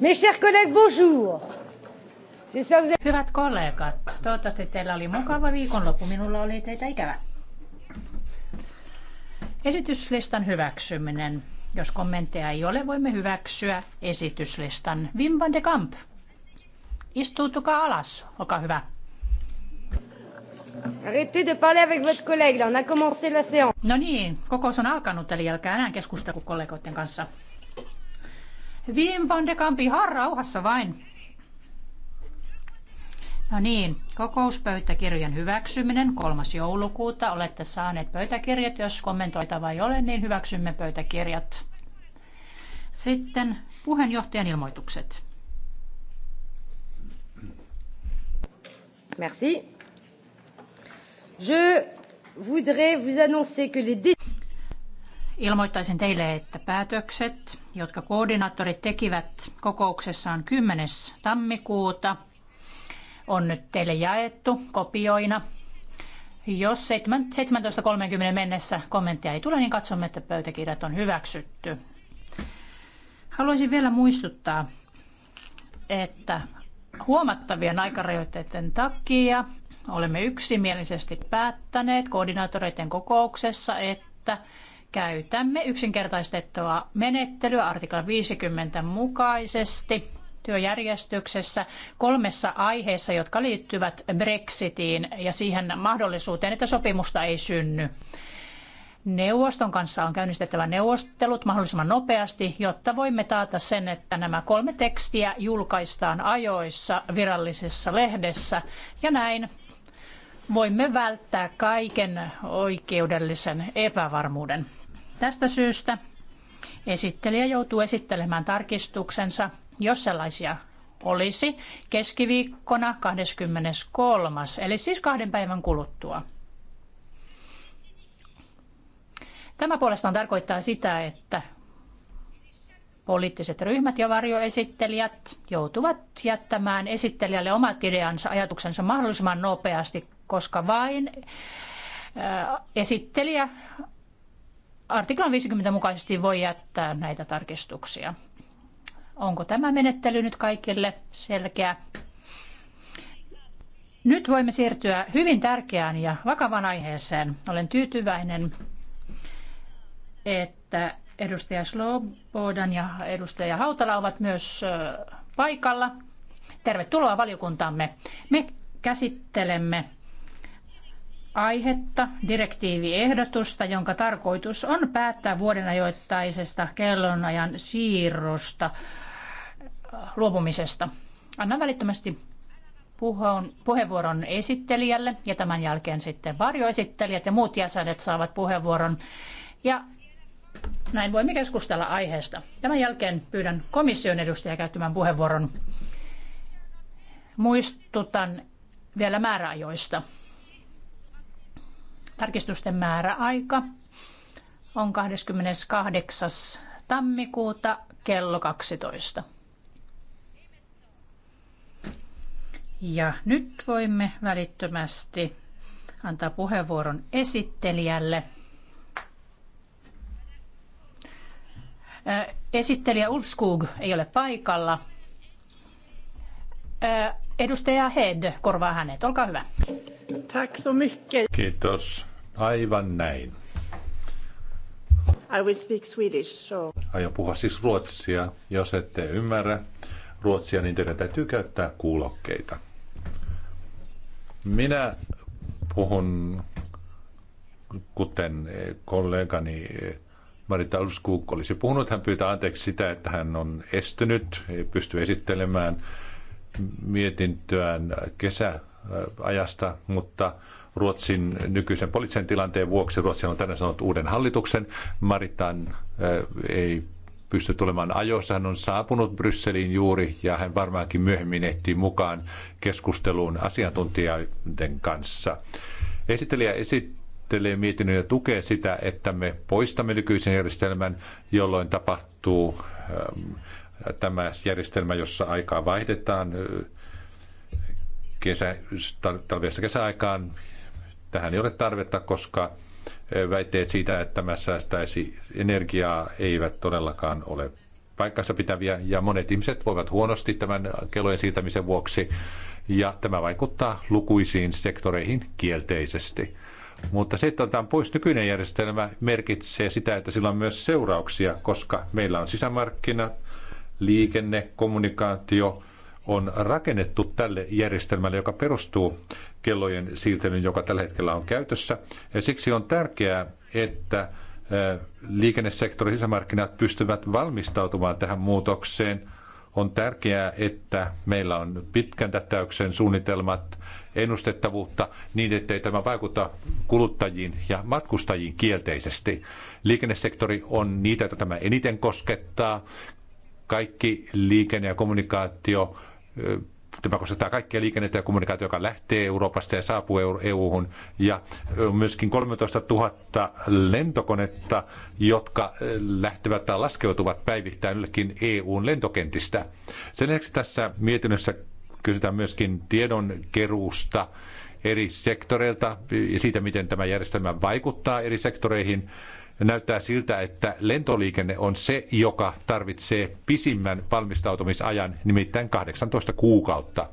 Mes chers collègues, bonjour. Hyvät kollegat, toivottavasti teillä oli mukava viikonloppu. Minulla oli teitä ikävä. Esityslistan hyväksyminen. Jos kommentteja ei ole, voimme hyväksyä esityslistan. Wim van de Kamp, istuutukaa alas. Olkaa hyvä. Arrêtez de parler avec votre collègue, là on a commencé la séance. No niin, kokous on alkanut, eli älkää enää keskustelu kollegoiden kanssa. Wim van de Kamp, ihan rauhassa vain. No niin, kokouspöytäkirjan hyväksyminen 3. joulukuuta. Olette saaneet pöytäkirjat. Jos kommentoitava ei ole, niin hyväksymme pöytäkirjat. Sitten puheenjohtajan ilmoitukset. Merci. Je voudrais vous annoncer que les Ilmoittaisin teille, että päätökset, jotka koordinaattorit tekivät kokouksessaan 10. tammikuuta, on nyt teille jaettu kopioina. Jos 17.30 mennessä kommenttia ei tule, niin katsomme, että pöytäkirjat on hyväksytty. Haluaisin vielä muistuttaa, että huomattavien aikarajoitteiden takia olemme yksimielisesti päättäneet koordinaattoreiden kokouksessa, että käytämme yksinkertaistettua menettelyä artikla 50 mukaisesti työjärjestyksessä kolmessa aiheessa, jotka liittyvät Brexitiin ja siihen mahdollisuuteen, että sopimusta ei synny. Neuvoston kanssa on käynnistettävä neuvostelut mahdollisimman nopeasti, jotta voimme taata sen, että nämä kolme tekstiä julkaistaan ajoissa virallisessa lehdessä ja näin voimme välttää kaiken oikeudellisen epävarmuuden. Tästä syystä esittelijä joutuu esittelemään tarkistuksensa, jos sellaisia olisi, keskiviikkona 23. eli siis kahden päivän kuluttua. Tämä puolestaan tarkoittaa sitä, että poliittiset ryhmät ja varjoesittelijät joutuvat jättämään esittelijälle omat ideansa, ajatuksensa mahdollisimman nopeasti, koska vain esittelijä artiklan 50 mukaisesti voi jättää näitä tarkistuksia. Onko tämä menettely nyt kaikille selkeä? Nyt voimme siirtyä hyvin tärkeään ja vakavaan aiheeseen. Olen tyytyväinen, että edustaja Slobodan ja edustaja Hautala ovat myös paikalla. Tervetuloa valiokuntamme. Me käsittelemme aihetta, direktiiviehdotusta, jonka tarkoitus on päättää vuodenajoittaisesta kellonajan siirrosta äh, luopumisesta. Annan välittömästi puheenvuoron esittelijälle ja tämän jälkeen sitten varjoesittelijät ja muut jäsenet saavat puheenvuoron. Ja näin voimme keskustella aiheesta. Tämän jälkeen pyydän komission edustajaa käyttämään puheenvuoron. Muistutan vielä määräajoista. Tarkistusten määräaika on 28. tammikuuta kello 12. Ja nyt voimme välittömästi antaa puheenvuoron esittelijälle. Äh, esittelijä Ulfskog ei ole paikalla. Äh, edustaja Head korvaa hänet. Olkaa hyvä. Tack så mycket. Kiitos Aivan näin. I will speak Swedish, so... Aion puhua siis ruotsia. Jos ette ymmärrä ruotsia, niin teidän täytyy käyttää kuulokkeita. Minä puhun, kuten eh, kollegani eh, Marita Ulskuk olisi puhunut, hän pyytää anteeksi sitä, että hän on estynyt, ei pysty esittelemään mietintöään kesäajasta, mutta Ruotsin nykyisen poliittisen tilanteen vuoksi. Ruotsi on tänään sanonut uuden hallituksen. Maritan eh, ei pysty tulemaan ajoissa. Hän on saapunut Brysseliin juuri ja hän varmaankin myöhemmin ehtii mukaan keskusteluun asiantuntijoiden kanssa. Esittelijä esittelee mietinnön ja tukee sitä, että me poistamme nykyisen järjestelmän, jolloin tapahtuu eh, tämä järjestelmä, jossa aikaa vaihdetaan eh, kesä, talvesta kesäaikaan Tähän ei ole tarvetta, koska eh, väitteet siitä, että tämä säästäisi energiaa, eivät todellakaan ole paikkansa pitäviä ja monet ihmiset voivat huonosti tämän kellojen siirtämisen vuoksi ja tämä vaikuttaa lukuisiin sektoreihin kielteisesti. Mutta se, että otetaan pois nykyinen järjestelmä, merkitsee sitä, että sillä on myös seurauksia, koska meillä on sisämarkkina, liikenne, kommunikaatio on rakennettu tälle järjestelmälle, joka perustuu kellojen siirtelyn, joka tällä hetkellä on käytössä. Ja siksi on tärkeää, että eh, liikennesektorin sisämarkkinat pystyvät valmistautumaan tähän muutokseen. On tärkeää, että meillä on pitkän tätäyksen suunnitelmat, ennustettavuutta niin, ettei tämä vaikuta kuluttajiin ja matkustajiin kielteisesti. Liikennesektori on niitä, joita tämä eniten koskettaa. Kaikki liikenne ja kommunikaatio eh, Tämä koskettaa kaikkia liikennettä ja kommunikaatio, joka lähtee Euroopasta ja saapuu EU-hun. Ja myöskin 13 000 lentokonetta, jotka lähtevät tai laskeutuvat päivittäin yllekin EUn lentokentistä. Sen lisäksi tässä mietinnössä kysytään myöskin tiedon keruusta eri sektoreilta ja siitä, miten tämä järjestelmä vaikuttaa eri sektoreihin näyttää siltä, että lentoliikenne on se, joka tarvitsee pisimmän valmistautumisajan, nimittäin 18 kuukautta.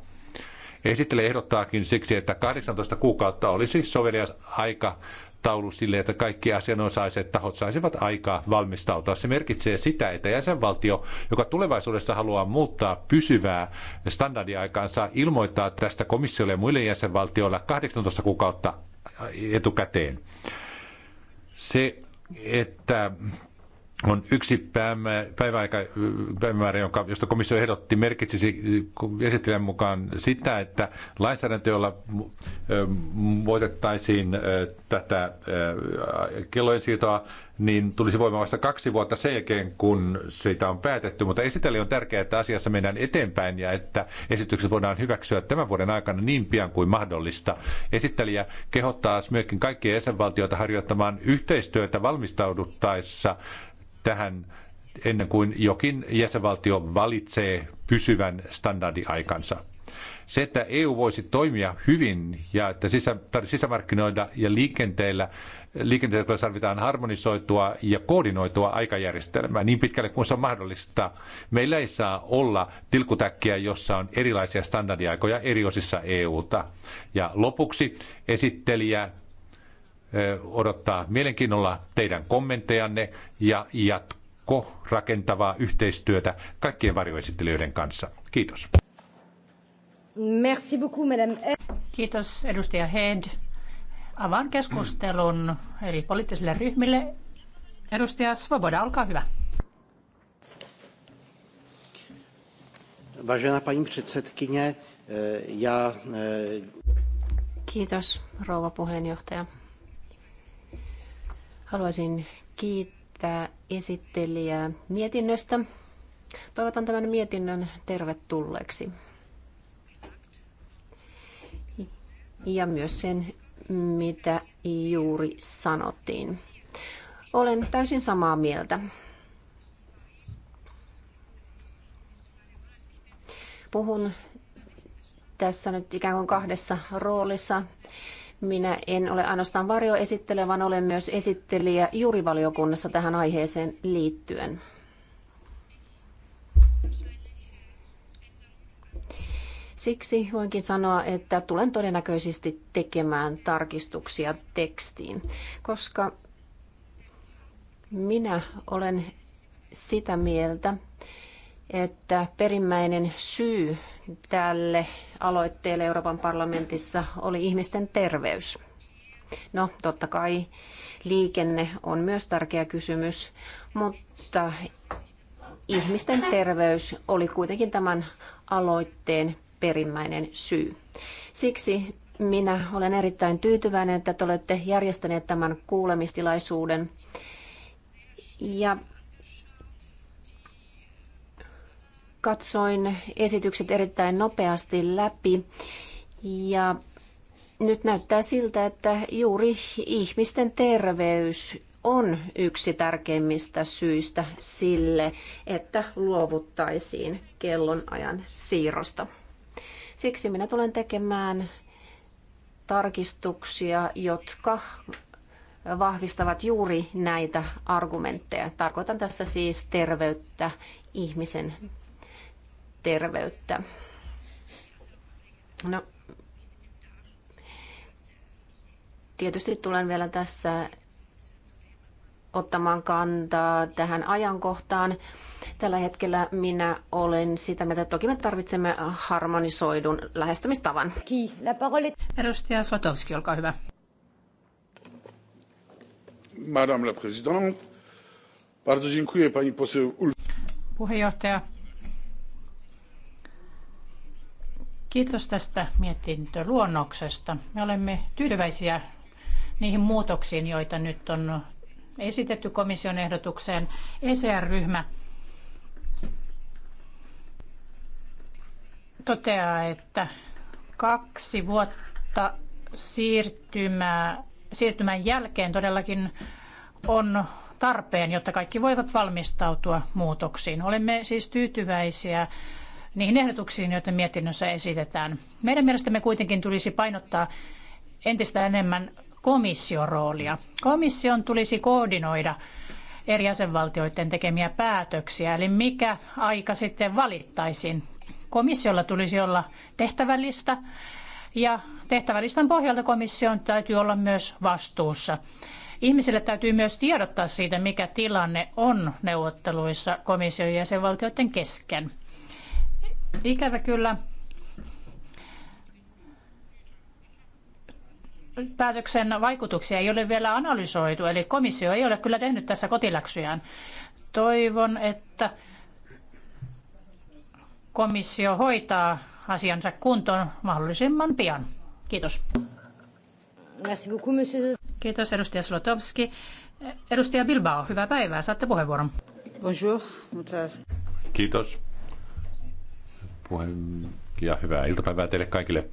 Esittele ehdottaakin siksi, että 18 kuukautta olisi sovelias aika taulu sille, että kaikki asianosaiset tahot saisivat aikaa valmistautua. Se merkitsee sitä, että jäsenvaltio, joka tulevaisuudessa haluaa muuttaa pysyvää standardiaikaansa, ilmoittaa tästä komissiolle ja muille jäsenvaltioille 18 kuukautta etukäteen. Se että on yksi päiväaika, päivämäärä, jonka, josta komissio ehdotti, merkitsisi esittelijän mukaan sitä, että lainsäädäntö, jolla voitettaisiin tätä kellojen siirtoa, niin tulisi voimaan vasta kaksi vuotta sen jälkeen, kun siitä on päätetty. Mutta esittelijä on tärkeää, että asiassa mennään eteenpäin ja että esitykset voidaan hyväksyä tämän vuoden aikana niin pian kuin mahdollista. Esittelijä kehottaa myöskin kaikkia jäsenvaltioita harjoittamaan yhteistyötä valmistauduttaessa tähän ennen kuin jokin jäsenvaltio valitsee pysyvän standardiaikansa. Se, että EU voisi toimia hyvin ja että sisä, sisämarkkinoida ja liikenteellä liikenteellä tarvitaan harmonisoitua ja koordinoitua aikajärjestelmää niin pitkälle kuin se on mahdollista. Meillä ei saa olla tilkutäkkiä, jossa on erilaisia standardiaikoja eri osissa EUta. Ja lopuksi esittelijä odottaa mielenkiinnolla teidän kommenttejanne ja jatko rakentavaa yhteistyötä kaikkien varjoesittelijöiden kanssa. Kiitos. Merci beaucoup, madame. Kiitos edustaja Head. Avaan keskustelun eri poliittisille ryhmille. Edustaja Svoboda, olkaa hyvä. Vážená paní předsedkyně, e, já... E, Kiitos, rouva puheenjohtaja. Haluaisin kiittää esittelijää mietinnöstä. Toivotan tämän mietinnön tervetulleeksi. Ja myös sen, mitä juuri sanottiin. Olen täysin samaa mieltä. Puhun tässä nyt ikään kuin kahdessa roolissa. Minä en ole ainoastaan varjoesittelijä, vaan olen myös esittelijä juurivaliokunnassa tähän aiheeseen liittyen. Siksi voinkin sanoa, että tulen todennäköisesti tekemään tarkistuksia tekstiin, koska minä olen sitä mieltä, että perimmäinen syy tälle aloitteelle Euroopan parlamentissa oli ihmisten terveys. No, totta kai liikenne on myös tärkeä kysymys, mutta ihmisten terveys oli kuitenkin tämän aloitteen perimmäinen syy. Siksi minä olen erittäin tyytyväinen, että te olette järjestäneet tämän kuulemistilaisuuden. Ja katsoin esitykset erittäin nopeasti läpi ja nyt näyttää siltä, että juuri ihmisten terveys on yksi tärkeimmistä syistä sille, että luovuttaisiin kellonajan siirrosta. Siksi minä tulen tekemään tarkistuksia, jotka vahvistavat juuri näitä argumentteja. Tarkoitan tässä siis terveyttä, ihmisen terveyttä. No, tietysti tulen vielä tässä ottamaan kantaa tähän ajankohtaan. Tällä hetkellä minä olen sitä mieltä, että toki me tarvitsemme harmonisoidun lähestymistavan. Edustaja Sotowski, olkaa hyvä. Madame la Présidente, bardzo dziękuję pani poseł Puheenjohtaja, Kiitos tästä mietintöluonnoksesta. Me olemme tyytyväisiä niihin muutoksiin, joita nyt on esitetty komission ehdotukseen. ECR-ryhmä toteaa, että kaksi vuotta siirtymää, siirtymän jälkeen todellakin on tarpeen, jotta kaikki voivat valmistautua muutoksiin. Olemme siis tyytyväisiä niihin ehdotuksiin, joita mietinnössä esitetään. Meidän mielestämme kuitenkin tulisi painottaa entistä enemmän komission roolia. Komission tulisi koordinoida eri jäsenvaltioiden tekemiä päätöksiä, eli mikä aika sitten valittaisiin. Komissiolla tulisi olla tehtävälista ja tehtävälistan pohjalta komission täytyy olla myös vastuussa. Ihmisille täytyy myös tiedottaa siitä, mikä tilanne on neuvotteluissa komission ja jäsenvaltioiden kesken. Ikävä kyllä päätöksen vaikutuksia ei ole vielä analysoitu, eli komissio ei ole kyllä tehnyt tässä kotiläksyjään. Toivon, että komissio hoitaa asiansa kuntoon mahdollisimman pian. Kiitos. Merci beaucoup, monsieur. Kiitos edustaja Slotowski. Edustaja Bilbao, hyvää päivää. Saatte puheenvuoron. Bonjour. Kiitos puheen ja hyvää iltapäivää teille kaikille.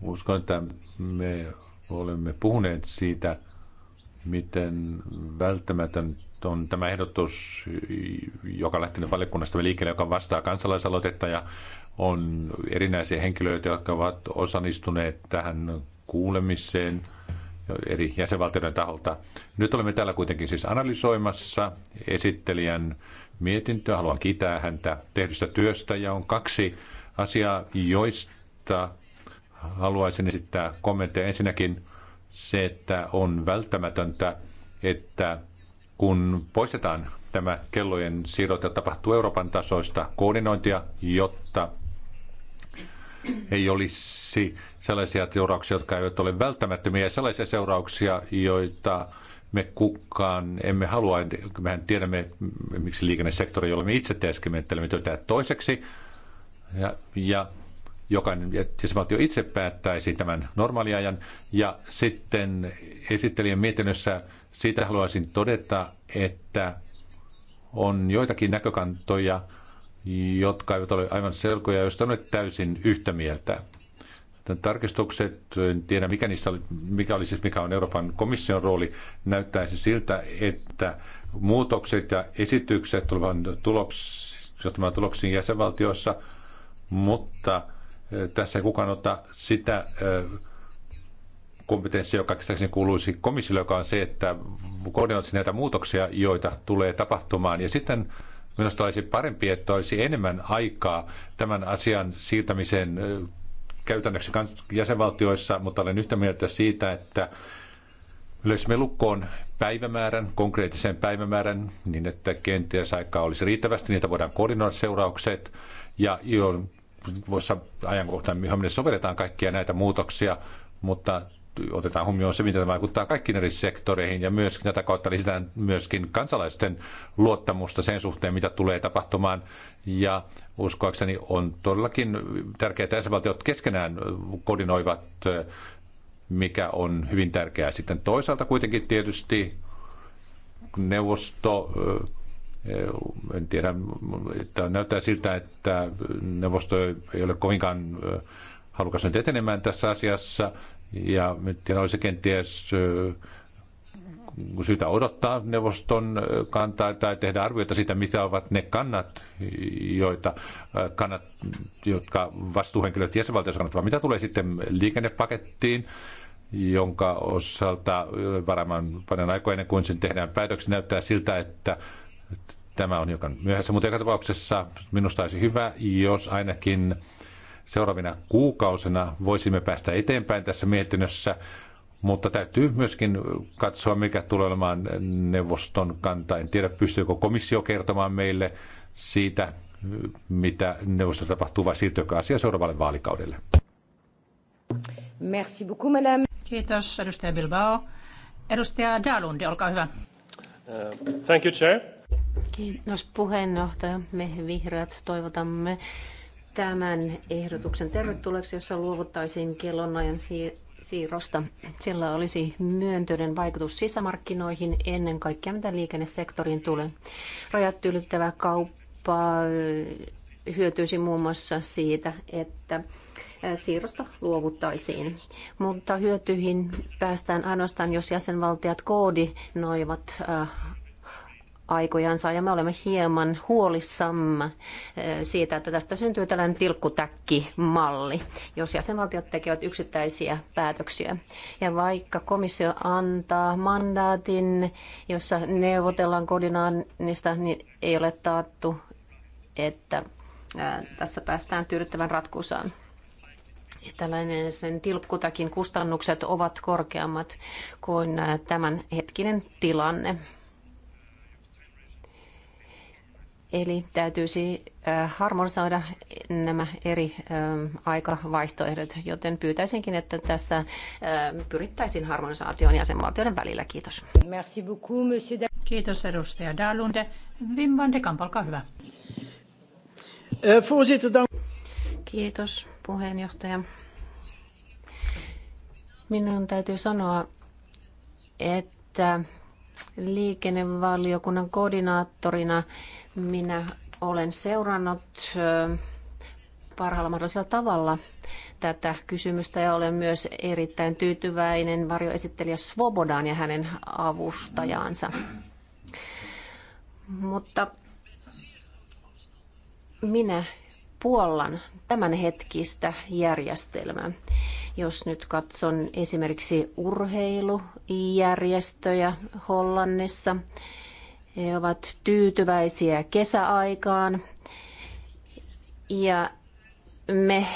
Uskon, että me olemme puhuneet siitä, miten välttämätön on tämä ehdotus, joka on lähtenyt valiokunnasta liikkeelle, joka vastaa kansalaisaloitetta ja on erinäisiä henkilöitä, jotka ovat osallistuneet tähän kuulemiseen eri jäsenvaltioiden taholta. Nyt olemme täällä kuitenkin siis analysoimassa esittelijän mietintöä. Haluan kiittää häntä tehdystä työstä ja on kaksi asiaa, joista haluaisin esittää kommentteja. Ensinnäkin se, että on välttämätöntä, että kun poistetaan tämä kellojen siirrot ja tapahtuu Euroopan tasoista koordinointia, jotta ei olisi sellaisia seurauksia, jotka eivät ole välttämättömiä, ja sellaisia seurauksia, joita me kukaan emme halua, mehän tiedämme, miksi liikennesektori, jolla me itse teeskentelemme työtä toiseksi, ja, ja jokainen jäsenvaltio itse päättäisi tämän normaaliajan. Ja sitten esittelijän mietinnössä siitä haluaisin todeta, että on joitakin näkökantoja, jotka eivät ole aivan selkoja, joista olen täysin yhtä mieltä tarkistukset, en tiedä mikä, niistä oli, mikä, oli siis, mikä on Euroopan komission rooli, näyttäisi siltä, että muutokset ja esitykset tulevat tuloksi, tuloksiin jäsenvaltioissa, mutta eh, tässä ei kukaan ota sitä eh, kompetenssia, joka käsittääkseni kuuluisi komissiolle, joka on se, että koordinoisi näitä muutoksia, joita tulee tapahtumaan. Ja sitten minusta olisi parempi, että olisi enemmän aikaa tämän asian siirtämiseen eh, käytännöksi jäsenvaltioissa, mutta olen yhtä mieltä siitä, että löysimme lukkoon päivämäärän, konkreettisen päivämäärän, niin että kenties aikaa olisi riittävästi, niitä voidaan koordinoida seuraukset, ja voissa ajankohtaan, johon sovelletaan kaikkia näitä muutoksia, mutta otetaan huomioon se, miten tämä vaikuttaa kaikkiin eri sektoreihin ja myös tätä kautta lisätään myöskin kansalaisten luottamusta sen suhteen, mitä tulee tapahtumaan. Ja uskoakseni on todellakin tärkeää, että jäsenvaltiot keskenään koordinoivat, mikä on hyvin tärkeää. Sitten toisaalta kuitenkin tietysti neuvosto en tiedä, että näyttää siltä, että neuvosto ei ole kovinkaan halukas nyt etenemään tässä asiassa. Ja nyt olisi kenties syytä odottaa neuvoston kantaa tai tehdä arvioita siitä, mitä ovat ne kannat, joita, kannat jotka vastuuhenkilöt jäsenvaltioissa kannattavat. Mitä tulee sitten liikennepakettiin, jonka osalta varmaan paljon aikaa ennen kuin sen tehdään päätöksiä, näyttää siltä, että tämä on hiukan myöhässä, mutta joka tapauksessa minusta olisi hyvä, jos ainakin seuraavina kuukausina voisimme päästä eteenpäin tässä mietinnössä, mutta täytyy myöskin katsoa, mikä tulee olemaan neuvoston kanta. En tiedä, pystyykö komissio kertomaan meille siitä, mitä neuvostossa tapahtuu, vai siirtyykö asia seuraavalle vaalikaudelle. Merci beaucoup, madame. Kiitos, edustaja Bilbao. Edustaja Dalund, olkaa hyvä. Uh, thank you, chair. Kiitos puheenjohtaja. Me vihreät toivotamme tämän ehdotuksen tervetulleeksi, jossa luovuttaisiin kellonajan siirrosta. Sillä olisi myönteinen vaikutus sisämarkkinoihin ennen kaikkea, mitä liikennesektoriin tulee. Rajat ylittävä kauppa hyötyisi muun muassa siitä, että siirrosta luovuttaisiin. Mutta hyötyihin päästään ainoastaan, jos jäsenvaltiot koordinoivat aikojansa ja me olemme hieman huolissamme eh, siitä, että tästä syntyy tällainen tilkkutäkkimalli, jos jäsenvaltiot tekevät yksittäisiä päätöksiä. Ja vaikka komissio antaa mandaatin, jossa neuvotellaan koordinaanista, niin ei ole taattu, että eh, tässä päästään tyydyttävän ratkusaan. Tällainen sen tilkkutakin kustannukset ovat korkeammat kuin eh, tämänhetkinen tilanne. Eli täytyisi harmonisoida nämä eri aikavaihtoehdot, joten pyytäisinkin, että tässä pyrittäisiin harmonisaatioon jäsenvaltioiden välillä. Kiitos. Merci beaucoup, monsieur de... Kiitos edustaja Dalunde. Wim van de Kamp, olkaa hyvä. Kiitos puheenjohtaja. Minun täytyy sanoa, että Liikennevaliokunnan koordinaattorina minä olen seurannut parhaalla mahdollisella tavalla tätä kysymystä ja olen myös erittäin tyytyväinen varjoesittelijä Svobodaan ja hänen avustajaansa. Mutta minä puollan tämänhetkistä järjestelmää. Jos nyt katson esimerkiksi urheilujärjestöjä Hollannissa, he ovat tyytyväisiä kesäaikaan. Ja me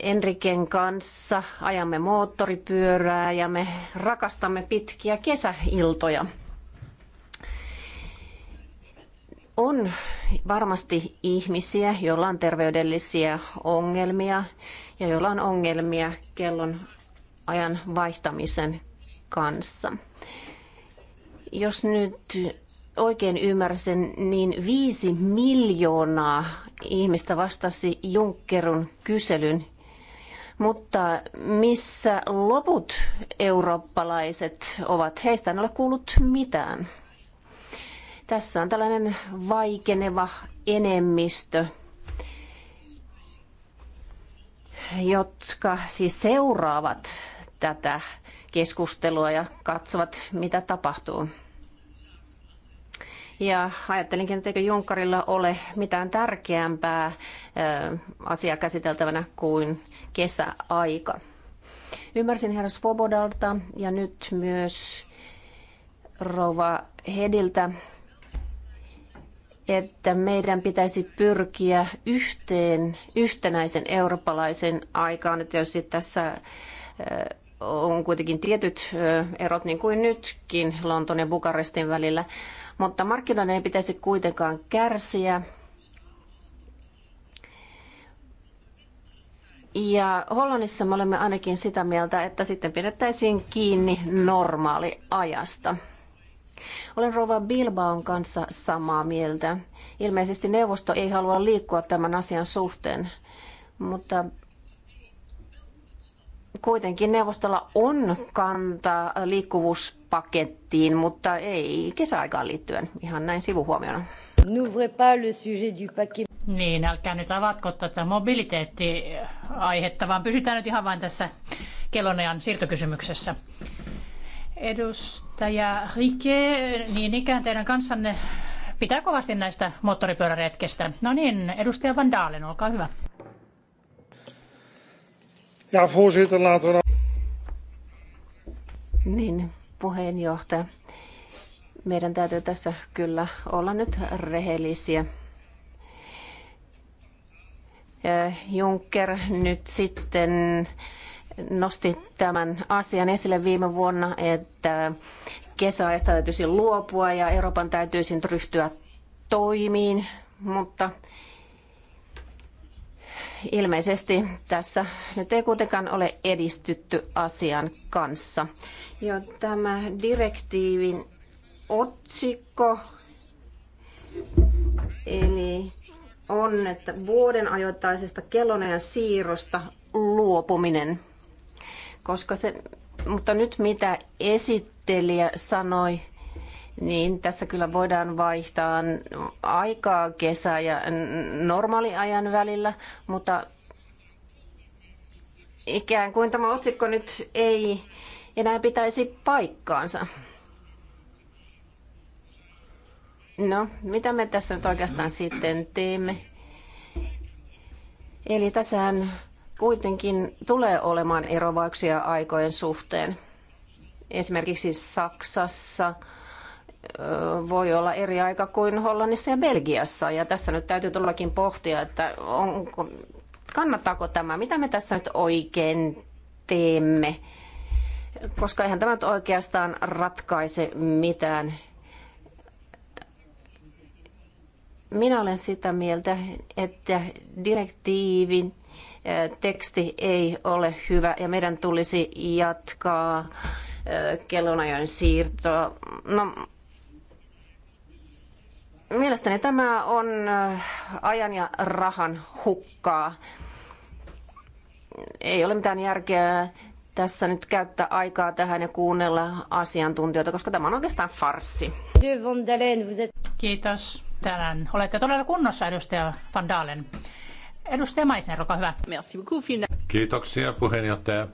Enriken kanssa ajamme moottoripyörää ja me rakastamme pitkiä kesäiltoja. On varmasti ihmisiä, joilla on terveydellisiä ongelmia, ja joilla on ongelmia kellon ajan vaihtamisen kanssa. Jos nyt oikein ymmärsin, niin viisi miljoonaa ihmistä vastasi Junckerun kyselyn. Mutta missä loput eurooppalaiset ovat? Heistä en ole kuullut mitään. Tässä on tällainen vaikeneva enemmistö – jotka siis seuraavat tätä keskustelua ja katsovat, mitä tapahtuu. Ja ajattelinkin, etteikö Junkarilla ole mitään tärkeämpää asiaa käsiteltävänä kuin kesäaika. Ymmärsin herra Svobodalta ja nyt myös rouva Hediltä, että meidän pitäisi pyrkiä yhteen yhtenäisen eurooppalaisen aikaan. Että jos tässä on kuitenkin tietyt erot, niin kuin nytkin Lontoon ja Bukarestin välillä, mutta markkinoiden ei pitäisi kuitenkaan kärsiä. Ja Hollannissa me olemme ainakin sitä mieltä, että sitten pidettäisiin kiinni normaaliajasta. Olen Rova Bilbaon kanssa samaa mieltä. Ilmeisesti neuvosto ei halua liikkua tämän asian suhteen, mutta kuitenkin neuvostolla on kanta liikkuvuuspakettiin, mutta ei kesäaikaan liittyen, ihan näin sivuhuomiona. N'ouvrez pas le sujet du paquet. Niin, älkää nyt avatko tätä mobiliteettiaihetta, vaan pysytään nyt ihan vain tässä kellonajan siirtokysymyksessä. Edustaja Rike, niin ikään teidän kanssanne pitää kovasti näistä moottoripyöräretkistä. No niin, edustaja Van Daalen, olkaa hyvä. Ja voorzitter, Niin, puheenjohtaja. Meidän täytyy tässä kyllä olla nyt rehellisiä. Äh, Juncker nyt sitten nosti tämän asian esille viime vuonna, että kesäajasta täytyisi luopua ja Euroopan täytyisi ryhtyä toimiin, mutta ilmeisesti tässä nyt ei kuitenkaan ole edistytty asian kanssa. Jo tämä direktiivin otsikko, eli on, että vuoden ajoittaisesta kellonajan siirrosta luopuminen koska se, mutta nyt mitä esittelijä sanoi, niin tässä kyllä voidaan vaihtaa aikaa kesä- ja normaaliajan välillä, mutta ikään kuin tämä otsikko nyt ei enää pitäisi paikkaansa. No, mitä me tässä nyt oikeastaan sitten teemme? Eli tässähän kuitenkin tulee olemaan erovauksia aikojen suhteen. Esimerkiksi Saksassa voi olla eri aika kuin Hollannissa ja Belgiassa. Ja tässä nyt täytyy todellakin pohtia, että onko, kannattaako tämä, mitä me tässä nyt oikein teemme. Koska eihän tämä nyt oikeastaan ratkaise mitään. Minä olen sitä mieltä, että direktiivin teksti ei ole hyvä ja meidän tulisi jatkaa kellonajojen siirtoa. No, mielestäni tämä on ajan ja rahan hukkaa. Ei ole mitään järkeä tässä nyt käyttää aikaa tähän ja kuunnella asiantuntijoita, koska tämä on oikeastaan farsi. Kiitos. Tänään. Olette todella kunnossa, edustaja Van Dalen. Edustaja Maisner, olkaa hyvä. Kiitoksia puheenjohtaja.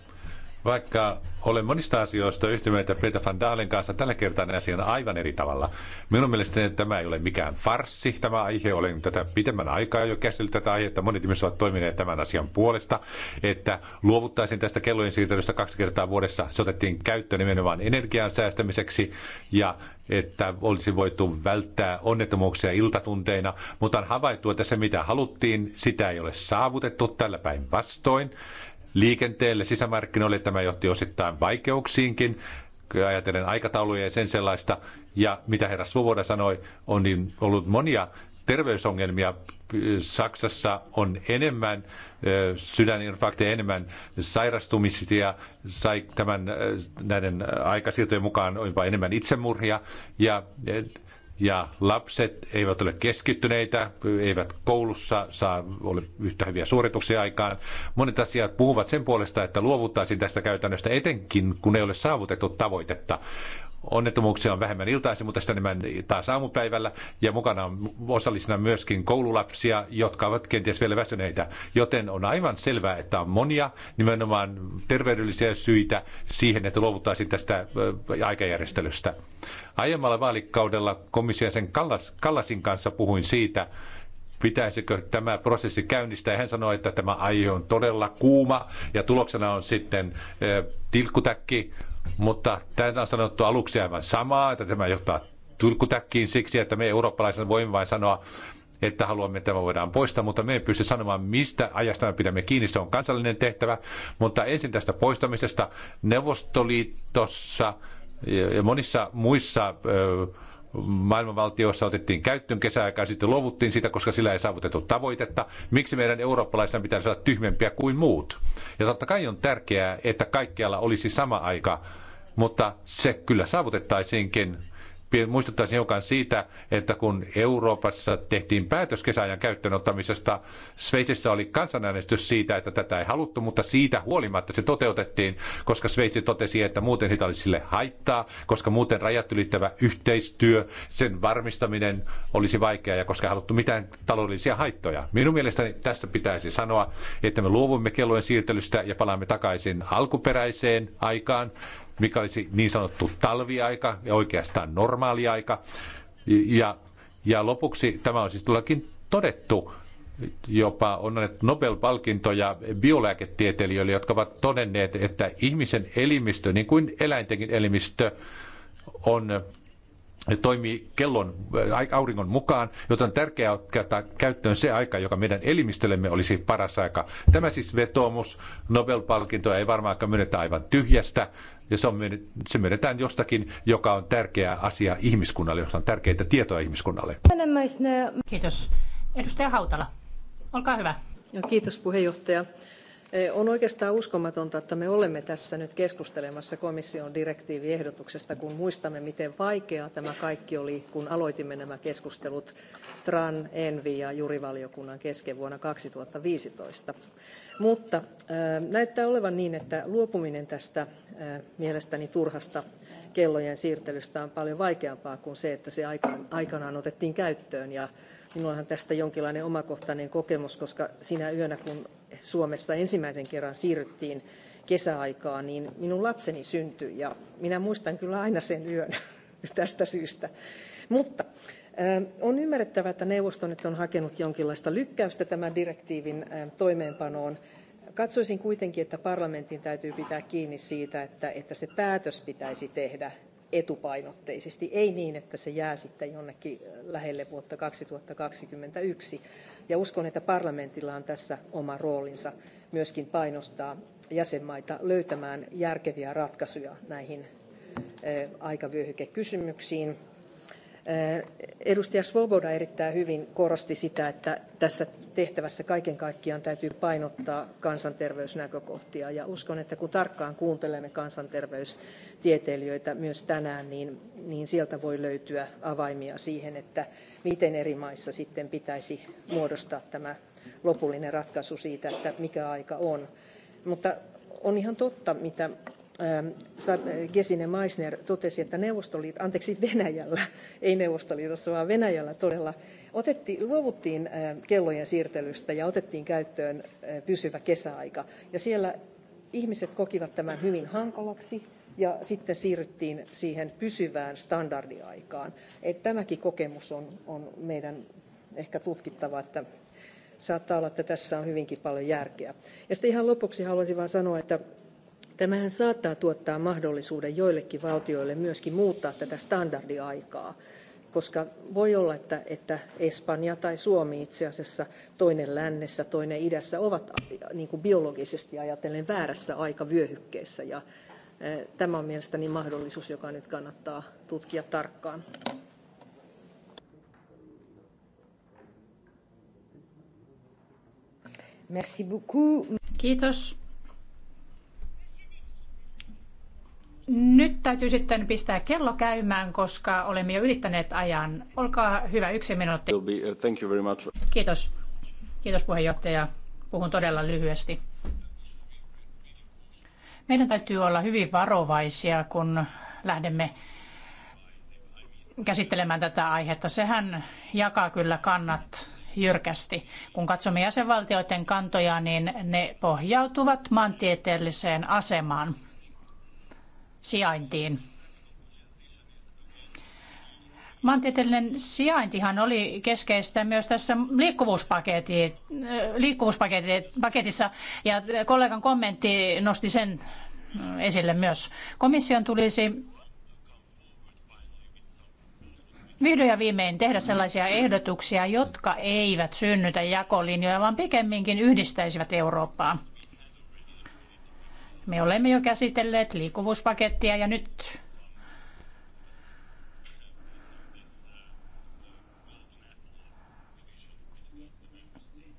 Vaikka olen monista asioista yhtä mieltä Peter van Dalen kanssa, tällä kertaa näen asian aivan eri tavalla. Minun mielestäni tämä ei ole mikään farsi, tämä aihe. Olen tätä pitemmän aikaa jo käsitellyt tätä aihetta. Monet ihmiset ovat toimineet tämän asian puolesta, että luovuttaisiin tästä kellojen siirtelystä kaksi kertaa vuodessa. Se otettiin käyttöön nimenomaan energian säästämiseksi ja että olisi voitu välttää onnettomuuksia iltatunteina, mutta on havaittu, että se mitä haluttiin, sitä ei ole saavutettu tällä päin vastoin liikenteelle, sisämarkkinoille. Tämä johti osittain vaikeuksiinkin, ajatellen aikatauluja ja sen sellaista. Ja mitä herra Svoboda sanoi, on niin ollut monia terveysongelmia. Saksassa on enemmän sydäninfarkteja, enemmän sairastumisia, sai tämän, näiden aikasiirtojen mukaan jopa enemmän itsemurhia. Ja ja lapset eivät ole keskittyneitä, eivät koulussa saa ole yhtä hyviä suorituksia aikaan. Monet asiat puhuvat sen puolesta, että luovuttaisiin tästä käytännöstä, etenkin kun ei ole saavutettu tavoitetta. Onnettomuuksia on vähemmän iltaisin, mutta sitä enemmän taas aamupäivällä. Ja mukana on osallisena myöskin koululapsia, jotka ovat kenties vielä väsyneitä. Joten on aivan selvää, että on monia nimenomaan terveydellisiä syitä siihen, että luovuttaisiin tästä aikajärjestelystä. Aiemmalla vaalikaudella komissio sen Kallas, Kallasin kanssa puhuin siitä, pitäisikö tämä prosessi käynnistää. Hän sanoi, että tämä aihe on todella kuuma ja tuloksena on sitten tilkkutäkki mutta tämä on sanottu aluksi aivan samaa, että tämä johtaa tulkutäkkiin siksi, että me eurooppalaiset voimme vain sanoa, että haluamme, että tämä voidaan poistaa, mutta me ei pysty sanomaan, mistä ajasta me pidämme kiinni. Se on kansallinen tehtävä, mutta ensin tästä poistamisesta Neuvostoliitossa ja monissa muissa ö, maailmanvaltioissa otettiin käyttöön ja sitten luovuttiin siitä, koska sillä ei saavutettu tavoitetta. Miksi meidän eurooppalaisena pitäisi olla tyhmempiä kuin muut? Ja totta kai on tärkeää, että kaikkialla olisi sama aika, mutta se kyllä saavutettaisiinkin muistuttaisin hiukan siitä, että kun Euroopassa tehtiin päätös kesäajan käyttöönottamisesta, Sveitsissä oli kansanäänestys siitä, että tätä ei haluttu, mutta siitä huolimatta se toteutettiin, koska Sveitsi totesi, että muuten sitä olisi sille haittaa, koska muuten rajat ylittävä yhteistyö, sen varmistaminen olisi vaikeaa ja koska ei haluttu mitään taloudellisia haittoja. Minun mielestäni tässä pitäisi sanoa, että me luovumme kellojen siirtelystä ja palaamme takaisin alkuperäiseen aikaan, mikä olisi niin sanottu talviaika ja oikeastaan normaaliaika. Ja, ja lopuksi tämä on siis tullakin todettu jopa on annettu Nobel-palkintoja biolääketieteilijöille, jotka ovat todenneet, että ihmisen elimistö, niin kuin eläintenkin elimistö, on toimii kellon äh, auringon mukaan, joten on tärkeää ottaa käyttöön se aika, joka meidän elimistöllemme olisi paras aika. Tämä siis vetoomus, Nobel-palkintoja ei varmaankaan myönnetä aivan tyhjästä, ja se, on, se myönnetään jostakin, joka on tärkeä asia ihmiskunnalle, jossa on tärkeitä tietoa ihmiskunnalle. Kiitos. Edustaja Hautala, olkaa hyvä. Ja kiitos puheenjohtaja. E, on oikeastaan uskomatonta, että me olemme tässä nyt keskustelemassa komission direktiiviehdotuksesta, kun muistamme, miten vaikeaa tämä kaikki oli, kun aloitimme nämä keskustelut TRAN, ENVI ja jurivaliokunnan kesken vuonna 2015. Mutta näyttää olevan niin, että luopuminen tästä mielestäni turhasta kellojen siirtelystä on paljon vaikeampaa kuin se, että se aikanaan otettiin käyttöön. Ja minullahan tästä jonkinlainen omakohtainen kokemus, koska sinä yönä, kun Suomessa ensimmäisen kerran siirryttiin kesäaikaa, niin minun lapseni syntyi ja minä muistan kyllä aina sen yön tästä syystä. Mutta on ymmärrettävä, että neuvosto nyt on hakenut jonkinlaista lykkäystä tämän direktiivin toimeenpanoon. Katsoisin kuitenkin, että parlamentin täytyy pitää kiinni siitä, että, että se päätös pitäisi tehdä etupainotteisesti, ei niin, että se jää sitten jonnekin lähelle vuotta 2021. Ja uskon, että parlamentilla on tässä oma roolinsa myöskin painostaa jäsenmaita löytämään järkeviä ratkaisuja näihin aikavyöhykekysymyksiin. Edustaja Svoboda erittäin hyvin korosti sitä, että tässä tehtävässä kaiken kaikkiaan täytyy painottaa kansanterveysnäkökohtia. Ja uskon, että kun tarkkaan kuuntelemme kansanterveystieteilijöitä myös tänään, niin, niin sieltä voi löytyä avaimia siihen, että miten eri maissa sitten pitäisi muodostaa tämä lopullinen ratkaisu siitä, että mikä aika on. Mutta on ihan totta, mitä Gesine Meissner totesi, että Neuvostoliit, anteeksi Venäjällä, ei Neuvostoliitossa, vaan Venäjällä todella otetti, luovuttiin kellojen siirtelystä ja otettiin käyttöön pysyvä kesäaika. Ja siellä ihmiset kokivat tämän hyvin hankalaksi ja sitten siirryttiin siihen pysyvään standardiaikaan. Et tämäkin kokemus on, on meidän ehkä tutkittava, että saattaa olla, että tässä on hyvinkin paljon järkeä. Ja sitten ihan lopuksi haluaisin vain sanoa, että Tämähän saattaa tuottaa mahdollisuuden joillekin valtioille myöskin muuttaa tätä standardiaikaa, koska voi olla, että, että Espanja tai Suomi itse asiassa, toinen lännessä, toinen idässä, ovat äh, niin kuin biologisesti ajatellen väärässä aikavyöhykkeessä. Ja, äh, Tämä on mielestäni mahdollisuus, joka nyt kannattaa tutkia tarkkaan. Merci beaucoup. Kiitos. Nyt täytyy sitten pistää kello käymään, koska olemme jo ylittäneet ajan. Olkaa hyvä, yksi minuutti. Uh, thank you very much. Kiitos. Kiitos puheenjohtaja. Puhun todella lyhyesti. Meidän täytyy olla hyvin varovaisia, kun lähdemme käsittelemään tätä aihetta. Sehän jakaa kyllä kannat jyrkästi. Kun katsomme jäsenvaltioiden kantoja, niin ne pohjautuvat maantieteelliseen asemaan sijaintiin. Maantieteellinen sijaintihan oli keskeistä myös tässä liikkuvuuspaketissa äh, ja kollegan kommentti nosti sen äh, esille myös. Komission tulisi vihdoin ja viimein tehdä sellaisia ehdotuksia, jotka eivät synnytä jakolinjoja, vaan pikemminkin yhdistäisivät Eurooppaa. Me olemme jo käsitelleet liikkuvuuspakettia ja nyt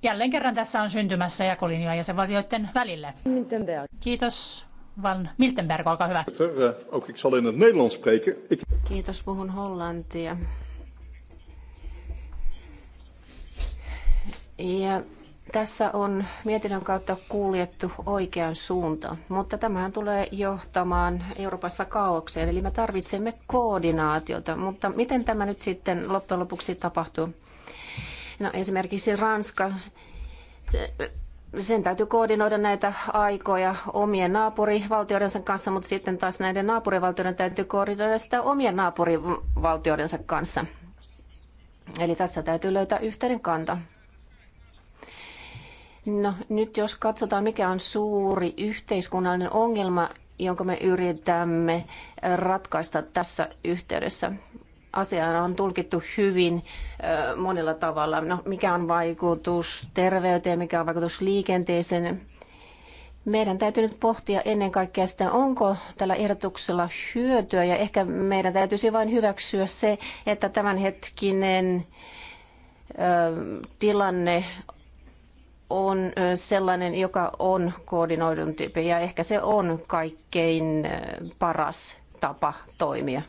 jälleen kerran tässä on syntymässä jakolinjoja jäsenvaltioiden välille. Kiitos. Van Miltenberg, olkaa hyvä. Kiitos, puhun hollantia. Ja tässä on mietinnön kautta kuljettu oikean suuntaan, mutta tämähän tulee johtamaan Euroopassa kaaukseen, eli me tarvitsemme koordinaatiota, mutta miten tämä nyt sitten loppujen lopuksi tapahtuu? No esimerkiksi Ranska, sen täytyy koordinoida näitä aikoja omien naapurivaltioidensa kanssa, mutta sitten taas näiden naapurivaltioiden täytyy koordinoida sitä omien naapurivaltioidensa kanssa. Eli tässä täytyy löytää yhteinen kanta. No nyt jos katsotaan, mikä on suuri yhteiskunnallinen ongelma, jonka me yritämme äh, ratkaista tässä yhteydessä. Asiaa on tulkittu hyvin äh, monella tavalla. No, mikä on vaikutus terveyteen, mikä on vaikutus liikenteeseen. Meidän täytyy nyt pohtia ennen kaikkea sitä, onko tällä ehdotuksella hyötyä ja ehkä meidän täytyisi vain hyväksyä se, että tämänhetkinen tilanne on sellainen, joka on koordinoidun tyyppi ja ehkä se on kaikkein paras tapa toimia.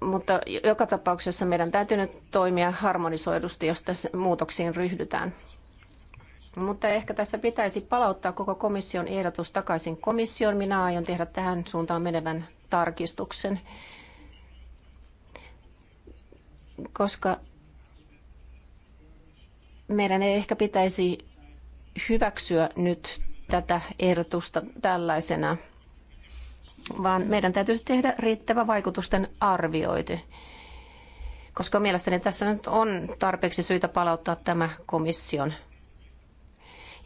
Mutta joka tapauksessa meidän täytyy nyt toimia harmonisoidusti, jos tässä muutoksiin ryhdytään. Mutta ehkä tässä pitäisi palauttaa koko komission ehdotus takaisin komissioon. Minä aion tehdä tähän suuntaan menevän tarkistuksen, koska meidän ei ehkä pitäisi hyväksyä nyt tätä ehdotusta tällaisena, vaan meidän täytyisi tehdä riittävä vaikutusten arviointi, koska mielestäni tässä nyt on tarpeeksi syytä palauttaa tämä komission.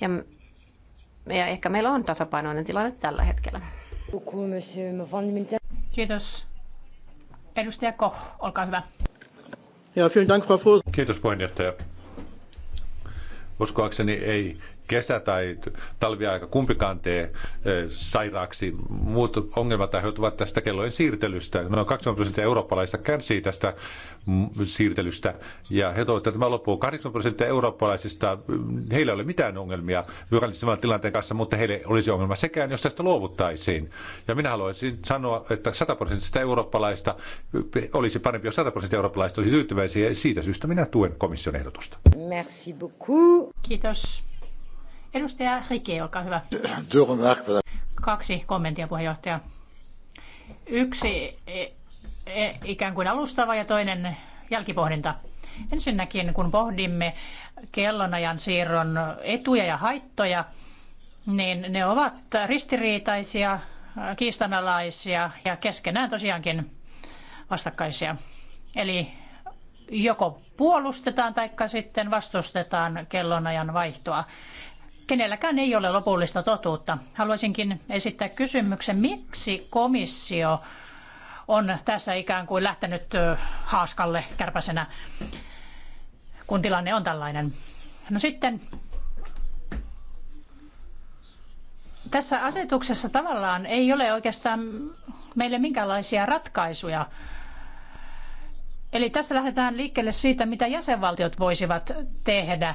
Ja, ja ehkä meillä on tasapainoinen tilanne tällä hetkellä. Kiitos. Edustaja Koch, olkaa hyvä. Kiitos puheenjohtaja uskoakseni ei kesä- tai talviaika, kumpikaan tee sairaaksi. Muut ongelmat aiheutuvat tästä kellojen siirtelystä. Noin 20 prosenttia eurooppalaisista kärsii tästä mm, siirtelystä. Ja he toivat, että tämä loppuu. 8 prosenttia eurooppalaisista, mm, heillä ei ole mitään ongelmia virallisemman tilanteen kanssa, mutta heille olisi ongelma sekään, jos tästä luovuttaisiin. Ja minä haluaisin sanoa, että 100 prosenttia eurooppalaista mm, olisi parempi, jos 100 prosenttia eurooppalaista olisi tyytyväisiä. Siitä syystä minä tuen komission ehdotusta. Merci beaucoup. Kiitos. Edustaja Rike, olkaa hyvä. Kaksi kommenttia, puheenjohtaja. Yksi e, e, ikään kuin alustava ja toinen jälkipohdinta. Ensinnäkin, kun pohdimme kellonajan siirron etuja ja haittoja, niin ne ovat ristiriitaisia, kiistanalaisia ja keskenään tosiaankin vastakkaisia. Eli joko puolustetaan tai sitten vastustetaan kellonajan vaihtoa. Kenelläkään ei ole lopullista totuutta. Haluaisinkin esittää kysymyksen, miksi komissio on tässä ikään kuin lähtenyt haaskalle kärpäsenä, kun tilanne on tällainen. No sitten tässä asetuksessa tavallaan ei ole oikeastaan meille minkälaisia ratkaisuja. Eli tässä lähdetään liikkeelle siitä, mitä jäsenvaltiot voisivat tehdä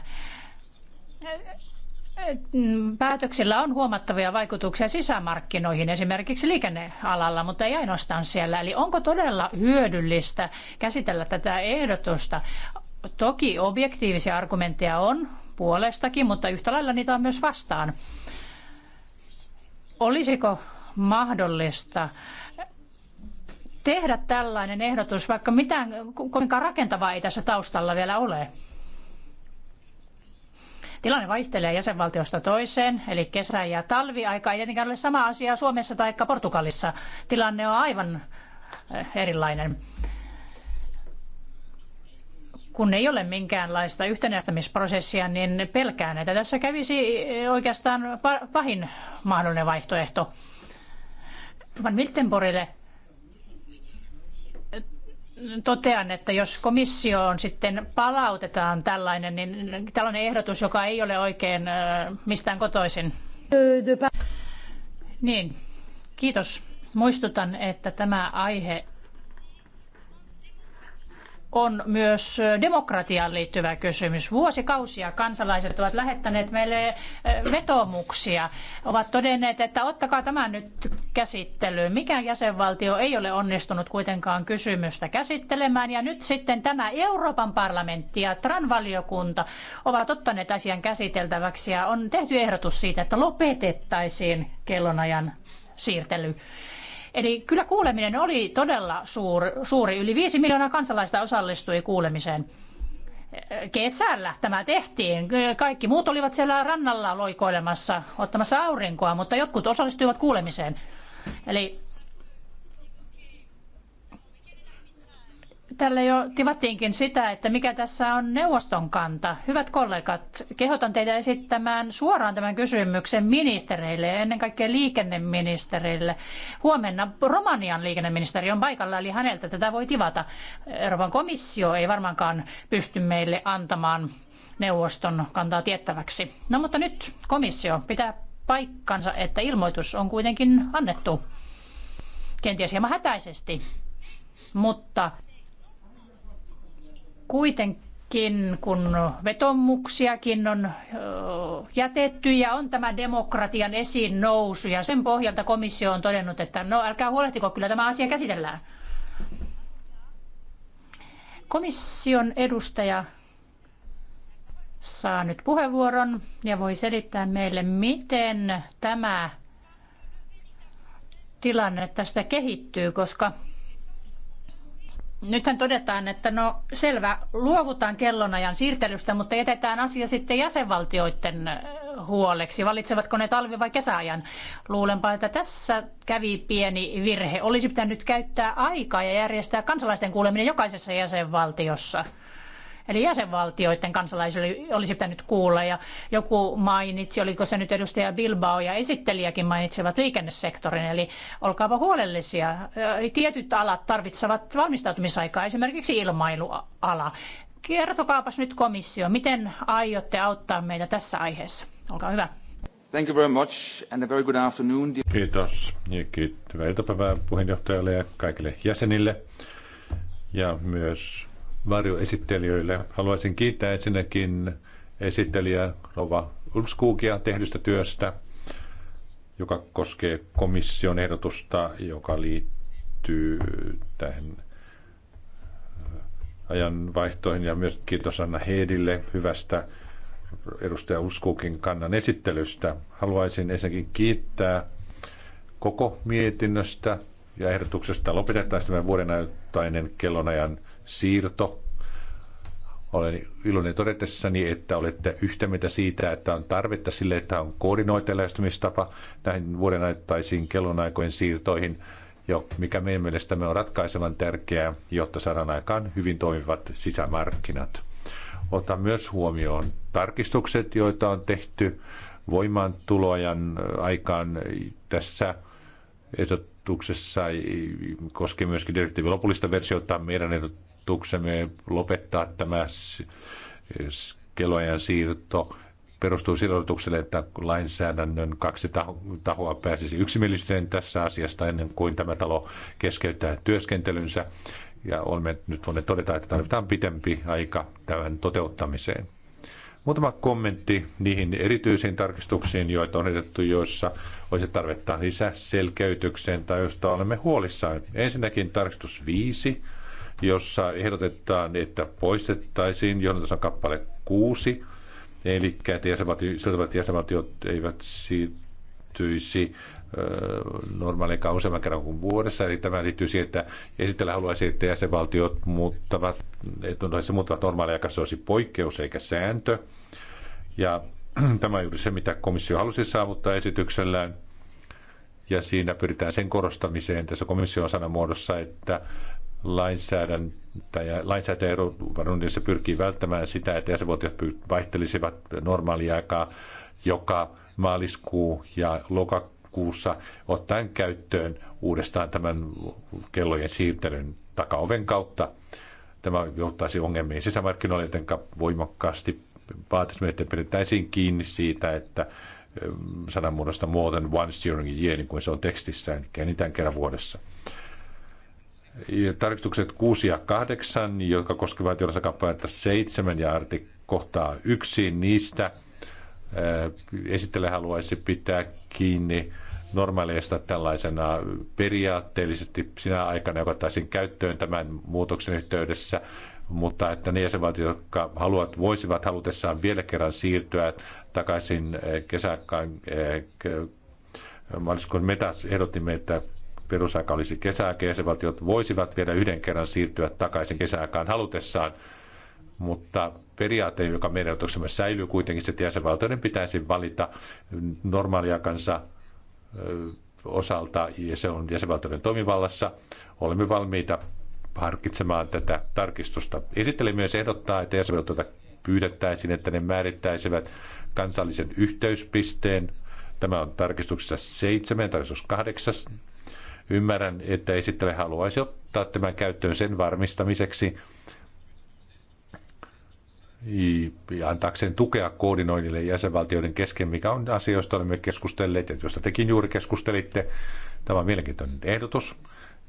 Mm, päätöksillä on huomattavia vaikutuksia sisämarkkinoihin, esimerkiksi liikennealalla, mutta ei ainoastaan siellä. Eli onko todella hyödyllistä käsitellä tätä ehdotusta? Toki objektiivisia argumentteja on puolestakin, mutta yhtä lailla niitä on myös vastaan. Olisiko mahdollista tehdä tällainen ehdotus, vaikka mitään kovinkaan rakentavaa ei tässä taustalla vielä ole? Tilanne vaihtelee jäsenvaltiosta toiseen, eli kesä- ja talviaika ei tietenkään ole sama asia Suomessa tai Portugalissa. Tilanne on aivan eh, erilainen. Kun ei ole minkäänlaista yhtenäistämisprosessia, niin pelkään, että tässä kävisi eh, oikeastaan pahin mahdollinen vaihtoehto. Van Miltenborille totean, että jos komissioon sitten palautetaan tällainen, niin tällainen ehdotus, joka ei ole oikein mistään kotoisin. Niin, kiitos. Muistutan, että tämä aihe on myös demokratiaan liittyvä kysymys. Vuosikausia kansalaiset ovat lähettäneet meille eh, vetomuksia, ovat todenneet, että ottakaa tämä nyt käsittelyyn. Mikään jäsenvaltio ei ole onnistunut kuitenkaan kysymystä käsittelemään ja nyt sitten tämä Euroopan parlamentti ja TRAN-valiokunta ovat ottaneet asian käsiteltäväksi ja on tehty ehdotus siitä, että lopetettaisiin kellonajan siirtely. Eli kyllä kuuleminen oli todella suuri, suuri. Yli 5 miljoonaa kansalaista osallistui kuulemiseen. Kesällä tämä tehtiin. Kaikki muut olivat siellä rannalla loikoilemassa, ottamassa aurinkoa, mutta jotkut osallistuivat kuulemiseen. Eli Tällä jo tivattiinkin sitä, että mikä tässä on neuvoston kanta. Hyvät kollegat, kehotan teitä esittämään suoraan tämän kysymyksen ministereille ja ennen kaikkea liikenneministerille. Huomenna Romanian liikenneministeri on paikalla, eli häneltä tätä voi tivata. Euroopan komissio ei varmaankaan pysty meille antamaan neuvoston kantaa tiettäväksi. No mutta nyt komissio pitää paikkansa, että ilmoitus on kuitenkin annettu. Kenties hieman hätäisesti, mutta Kuitenkin kun vetomuksiakin on jätetty ja on tämä demokratian esiin nousu ja sen pohjalta komissio on todennut, että no älkää huolehtiko, kyllä tämä asia käsitellään. Komission edustaja saa nyt puheenvuoron ja voi selittää meille, miten tämä tilanne tästä kehittyy, koska Nythän todetaan, että no selvä, luovutaan kellonajan siirtelystä, mutta jätetään asia sitten jäsenvaltioiden huoleksi. Valitsevatko ne talvi- vai kesäajan? Luulenpa, että tässä kävi pieni virhe. Olisi pitänyt käyttää aikaa ja järjestää kansalaisten kuuleminen jokaisessa jäsenvaltiossa. Eli jäsenvaltioiden kansalaisille olisi pitänyt kuulla ja joku mainitsi, oliko se nyt edustaja Bilbao ja esittelijäkin mainitsivat liikennesektorin. Eli olkaapa huolellisia. Tietyt alat tarvitsevat valmistautumisaikaa, esimerkiksi ilmailuala. Kertokaapas nyt komissio, miten aiotte auttaa meitä tässä aiheessa? Olkaa hyvä. Thank you very much and a very good afternoon. Kiitos. Hyvää iltapäivää puheenjohtajalle ja kaikille jäsenille. Ja myös varjoesittelijöille. Haluaisin kiittää ensinnäkin esittelijä Rova Ulfskuukia tehdystä työstä, joka koskee komission ehdotusta, joka liittyy tähän ajanvaihtoihin. Ja myös kiitos Anna Heedille hyvästä edustaja Ulskuukin kannan esittelystä. Haluaisin ensinnäkin kiittää koko mietinnöstä ja ehdotuksesta lopetetaan tämä vuoden ajoittainen kellonajan siirto. Olen iloinen todetessani, että olette yhtä mieltä siitä, että on tarvetta sille, että on koordinoita lähestymistapa näihin vuoden ajattaisiin kellonaikojen siirtoihin, jo, mikä meidän mielestämme on ratkaisevan tärkeää, jotta saadaan aikaan hyvin toimivat sisämarkkinat. Ota myös huomioon tarkistukset, joita on tehty voimaantuloajan aikaan tässä ehdotuksessa koskee myöskin direktiivin lopullista versiota. Meidän ehdotuksemme lopettaa tämä kelloajan siirto perustuu sidotukselle, että lainsäädännön kaksi tahoa pääsisi yksimielisyyteen tässä asiasta ennen kuin tämä talo keskeyttää työskentelynsä. Ja olemme nyt voineet todeta, että tarvitaan pitempi aika tämän toteuttamiseen. Muutama kommentti niihin erityisiin tarkistuksiin, joita on edetty, joissa olisi tarvetta lisäselkeytykseen tai josta olemme huolissaan. Ensinnäkin tarkistus 5, jossa ehdotetaan, että poistettaisiin johdantosan kappale 6, eli että jäsenvaltiot, siltä jäsenvaltiot eivät siirtyisi normaalikaan useamman kerran kuin vuodessa. Eli tämä liittyy siihen, että esitellä haluaisi, että jäsenvaltiot muuttavat, että se muuttavat normaalia, se olisi poikkeus eikä sääntö. Ja tämä on juuri se, mitä komissio halusi saavuttaa esityksellään. Ja siinä pyritään sen korostamiseen tässä komission sanamuodossa, että lainsäädäntäjä, lainsäätäjä Euroopan unionissa pyrkii välttämään sitä, että jäsenvaltiot vaihtelisivat normaaliaikaa joka maaliskuu ja lokakuussa ottaen käyttöön uudestaan tämän kellojen siirtelyn takaoven kautta. Tämä johtaisi ongelmiin sisämarkkinoille, joten voimakkaasti vaatisimme, että pidettäisiin kiinni siitä, että sananmuodosta more than once during a year, niin kuin se on tekstissään, enintään kerran vuodessa tarkistukset 6 ja 8, jotka koskevat jollaisen kappaletta 7 ja artik kohtaa yksi niistä. Esittele haluaisi pitää kiinni normaaleista tällaisena periaatteellisesti sinä aikana, joka taisin käyttöön tämän muutoksen yhteydessä, mutta että ne jäsenvaltiot, jotka haluat, voisivat halutessaan vielä kerran siirtyä takaisin kesäkkaan maaliskuun metas ehdotimme, että perusaika olisi kesäaika, jäsenvaltiot voisivat vielä yhden kerran siirtyä takaisin kesäaikaan halutessaan, mutta periaate, joka meidän otoksemme säilyy kuitenkin, se, että jäsenvaltioiden pitäisi valita kansa osalta, ja se on jäsenvaltioiden toimivallassa. Olemme valmiita harkitsemaan tätä tarkistusta. Esitteli myös ehdottaa, että jäsenvaltioita pyydettäisiin, että ne määrittäisivät kansallisen yhteyspisteen. Tämä on tarkistuksessa 7, tarkistus 8, Ymmärrän, että esittävä haluaisi ottaa tämän käyttöön sen varmistamiseksi, ja antaakseen tukea koordinoinnille jäsenvaltioiden kesken, mikä on asia, josta olemme keskustelleet ja josta tekin juuri keskustelitte. Tämä on mielenkiintoinen ehdotus.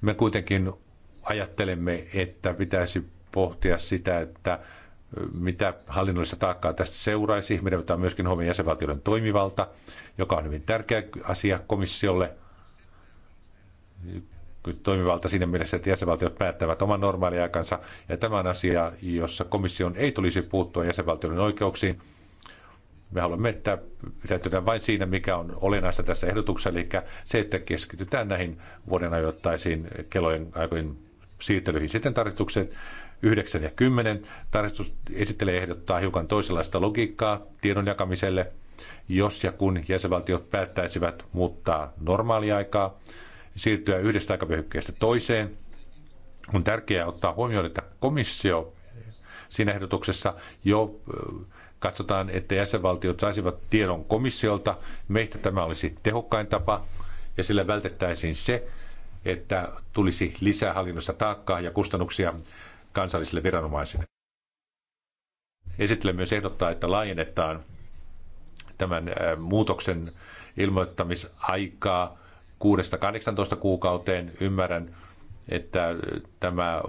Me kuitenkin ajattelemme, että pitäisi pohtia sitä, että mitä hallinnollista taakkaa tästä seuraisi. Meidän pitää myöskin huomioon jäsenvaltioiden toimivalta, joka on hyvin tärkeä asia komissiolle – toimivalta siinä mielessä, että jäsenvaltiot päättävät oman normaaliaikansa. Ja tämä on asia, jossa komission ei tulisi puuttua jäsenvaltioiden oikeuksiin. Me haluamme, että pitäytytään vain siinä, mikä on olennaista tässä ehdotuksessa, eli se, että keskitytään näihin vuoden ajoittaisiin kellojen aikojen siirtelyihin. Sitten tarkistukset 9 ja 10. Tarkistus esittelee ehdottaa hiukan toisenlaista logiikkaa tiedon jakamiselle, jos ja kun jäsenvaltiot päättäisivät muuttaa normaaliaikaa. aikaa siirtyä yhdestä aikavyöhykkeestä toiseen. On tärkeää ottaa huomioon, että komissio siinä ehdotuksessa jo katsotaan, että jäsenvaltiot saisivat tiedon komissiolta. Meistä tämä olisi tehokkain tapa ja sillä vältettäisiin se, että tulisi lisää hallinnossa taakkaa ja kustannuksia kansallisille viranomaisille. Esittely myös ehdottaa, että laajennetaan tämän muutoksen ilmoittamisaikaa 6-18 kuukauteen. Ymmärrän, että tämä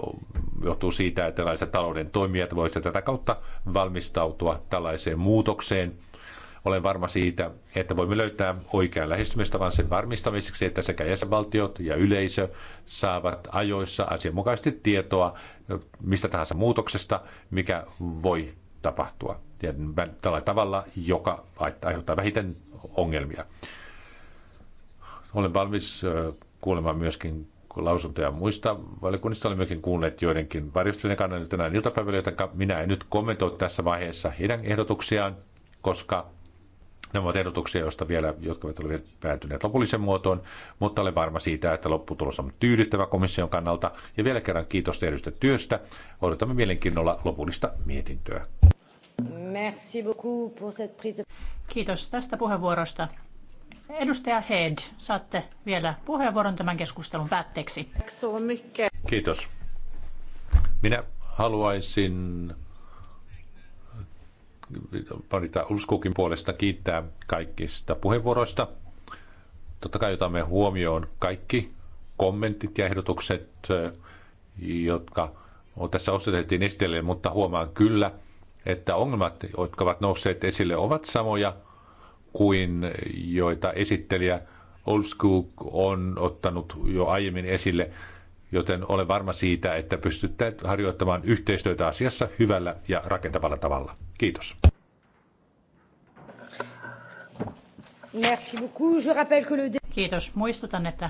johtuu siitä, että tällaiset talouden toimijat voisivat tätä kautta valmistautua tällaiseen muutokseen. Olen varma siitä, että voimme löytää oikean lähestymistavan sen varmistamiseksi, että sekä jäsenvaltiot ja yleisö saavat ajoissa asianmukaisesti tietoa mistä tahansa muutoksesta, mikä voi tapahtua tällä tavalla, joka aiheuttaa vähiten ongelmia. Olen valmis kuulemaan myöskin lausuntoja muista valiokunnista. myöskin kuulleet joidenkin varjostujen kannan tänään iltapäivällä, joten minä en nyt kommentoi tässä vaiheessa heidän ehdotuksiaan, koska nämä ovat ehdotuksia, joista vielä, jotka ovat vielä päätyneet lopulliseen muotoon, mutta olen varma siitä, että lopputulos on tyydyttävä komission kannalta. Ja vielä kerran kiitos tehdystä työstä. Odotamme mielenkiinnolla lopullista mietintöä. Merci beaucoup pour cette prise. Kiitos tästä puheenvuorosta. Edustaja Head, saatte vielä puheenvuoron tämän keskustelun päätteeksi. Kiitos. Minä haluaisin parita Ulskukin puolesta kiittää kaikista puheenvuoroista. Totta kai otamme huomioon kaikki kommentit ja ehdotukset, jotka tässä osoitettiin esitelleen, mutta huomaan kyllä, että ongelmat, jotka ovat nousseet esille, ovat samoja – kuin joita esittelijä Olskuk on ottanut jo aiemmin esille, joten olen varma siitä, että pystytte harjoittamaan yhteistyötä asiassa hyvällä ja rakentavalla tavalla. Kiitos. Kiitos. Muistutan, että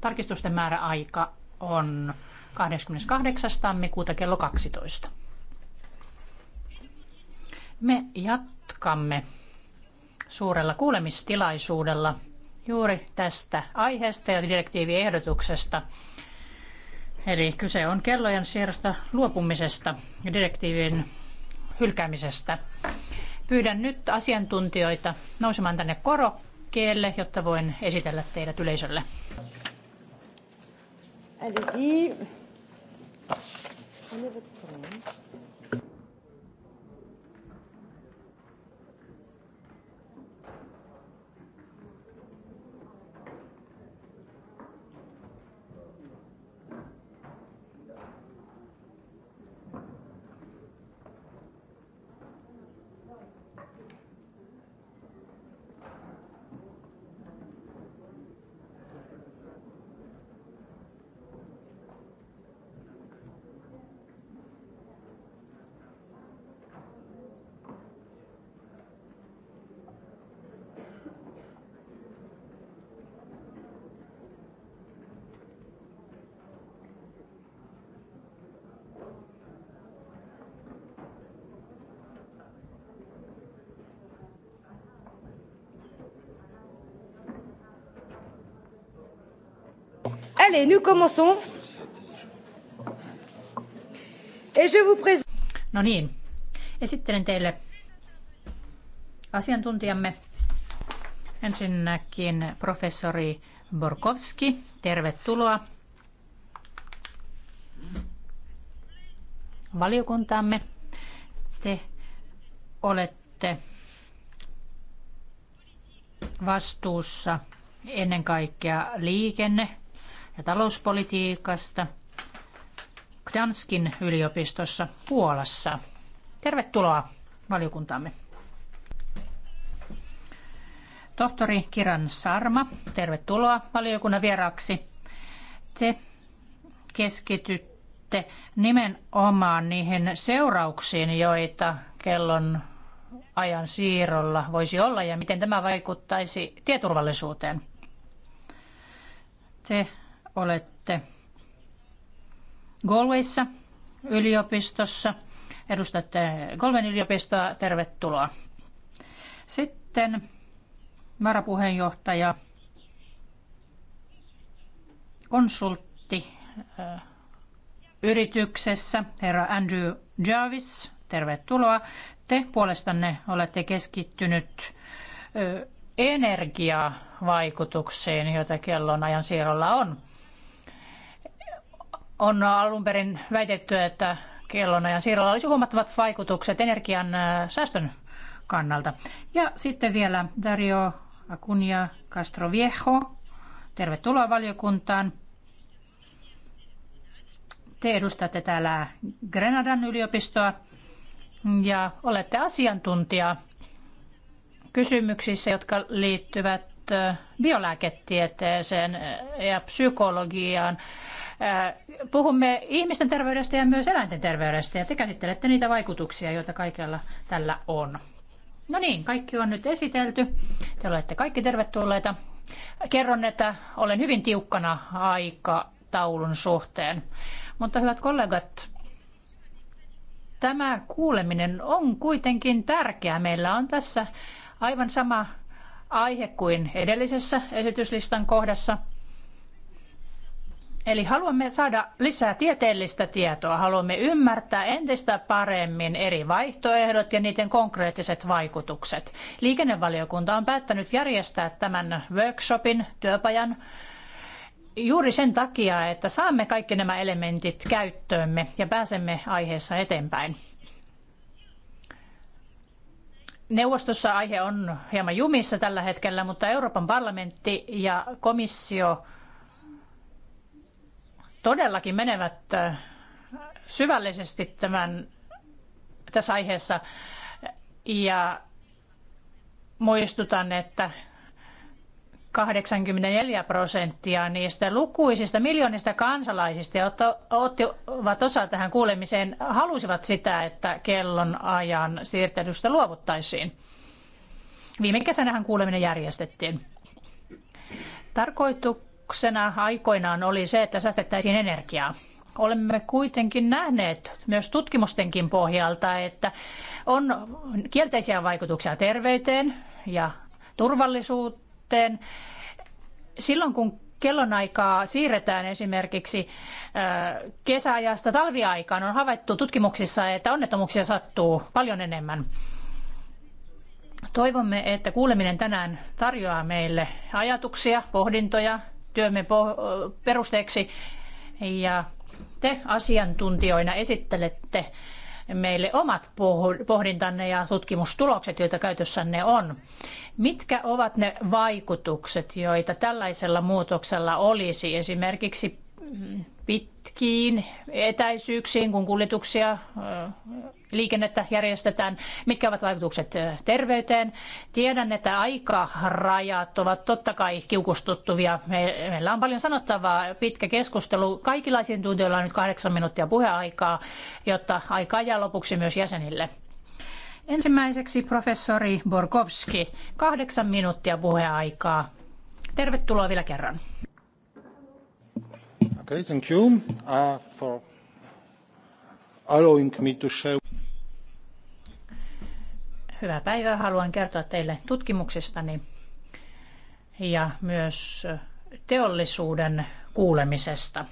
tarkistusten määrä aika on 28. tammikuuta kello 12. Me jatkamme suurella kuulemistilaisuudella juuri tästä aiheesta ja direktiiviehdotuksesta. Eli kyse on kellojen siirrosta luopumisesta ja direktiivin hylkäämisestä. Pyydän nyt asiantuntijoita nousemaan tänne korokkeelle, jotta voin esitellä teidät yleisölle. Allez-y. Allez, nous commençons. Et je vous présente... No niin, esittelen teille asiantuntijamme. Ensinnäkin professori Borkowski, tervetuloa valiokuntaamme. Te olette vastuussa ennen kaikkea liikenne- ja talouspolitiikasta Gdanskin yliopistossa Puolassa. Tervetuloa valiokuntaamme. Tohtori Kiran Sarma, tervetuloa valiokunnan vieraaksi. Te keskitytte nimenomaan niihin seurauksiin, joita kellon ajan siirrolla voisi olla ja miten tämä vaikuttaisi tieturvallisuuteen. Te olette Galwayssa yliopistossa. Edustatte Golven yliopistoa. Tervetuloa. Sitten varapuheenjohtaja, konsultti yrityksessä, herra Andrew Jarvis. Tervetuloa. Te puolestanne olette keskittynyt energiavaikutuksiin, joita kellonajan siirrolla on. On alun perin väitetty, että kellonajan siirrolla olisi huomattavat vaikutukset energian äh, säästön kannalta. Ja sitten vielä Dario Castro Castroviejo. Tervetuloa valiokuntaan. Te edustatte täällä Grenadan yliopistoa ja olette asiantuntija kysymyksissä, jotka liittyvät äh, biolääketieteeseen ja psykologiaan. Puhumme ihmisten terveydestä ja myös eläinten terveydestä ja te käsittelette niitä vaikutuksia, joita kaikella tällä on. No niin, kaikki on nyt esitelty. Te olette kaikki tervetulleita. Kerron, että olen hyvin tiukkana aikataulun suhteen. Mutta hyvät kollegat, tämä kuuleminen on kuitenkin tärkeä. Meillä on tässä aivan sama aihe kuin edellisessä esityslistan kohdassa – Eli haluamme saada lisää tieteellistä tietoa, haluamme ymmärtää entistä paremmin eri vaihtoehdot ja niiden konkreettiset vaikutukset. Liikennevaliokunta on päättänyt järjestää tämän workshopin, työpajan, juuri sen takia, että saamme kaikki nämä elementit käyttöömme ja pääsemme aiheessa eteenpäin. Neuvostossa aihe on hieman jumissa tällä hetkellä, mutta Euroopan parlamentti ja komissio – todellakin menevät syvällisesti tämän, tässä aiheessa. Ja muistutan, että 84 prosenttia niistä lukuisista miljoonista kansalaisista, jotka ottivat osaa tähän kuulemiseen, halusivat sitä, että kellon ajan siirtelystä luovuttaisiin. Viime kesänähän kuuleminen järjestettiin. Tarkoitus ajatuksena aikoinaan oli se, että säästettäisiin energiaa. Olemme kuitenkin nähneet myös tutkimustenkin pohjalta, että on kielteisiä vaikutuksia terveyteen ja turvallisuuteen. Silloin kun kellonaikaa siirretään esimerkiksi kesäajasta talviaikaan, on havaittu tutkimuksissa, että onnettomuuksia sattuu paljon enemmän. Toivomme, että kuuleminen tänään tarjoaa meille ajatuksia, pohdintoja työmme perusteeksi. Ja te asiantuntijoina esittelette meille omat pohdintanne ja tutkimustulokset, joita käytössänne on. Mitkä ovat ne vaikutukset, joita tällaisella muutoksella olisi esimerkiksi pitkiin etäisyyksiin, kun kuljetuksia liikennettä järjestetään, mitkä ovat vaikutukset terveyteen. Tiedän, että aikarajat ovat totta kai kiukustuttuvia. Meillä on paljon sanottavaa, pitkä keskustelu. Kaikilla asiantuntijoilla on nyt kahdeksan minuuttia puheaikaa, jotta aikaa jää lopuksi myös jäsenille. Ensimmäiseksi professori Borkowski, kahdeksan minuuttia puheaikaa. Tervetuloa vielä kerran. Okay, thank you uh, for allowing me to share Hyvää päivää. Haluan kertoa teille tutkimuksestani ja myös teollisuuden kuulemisesta.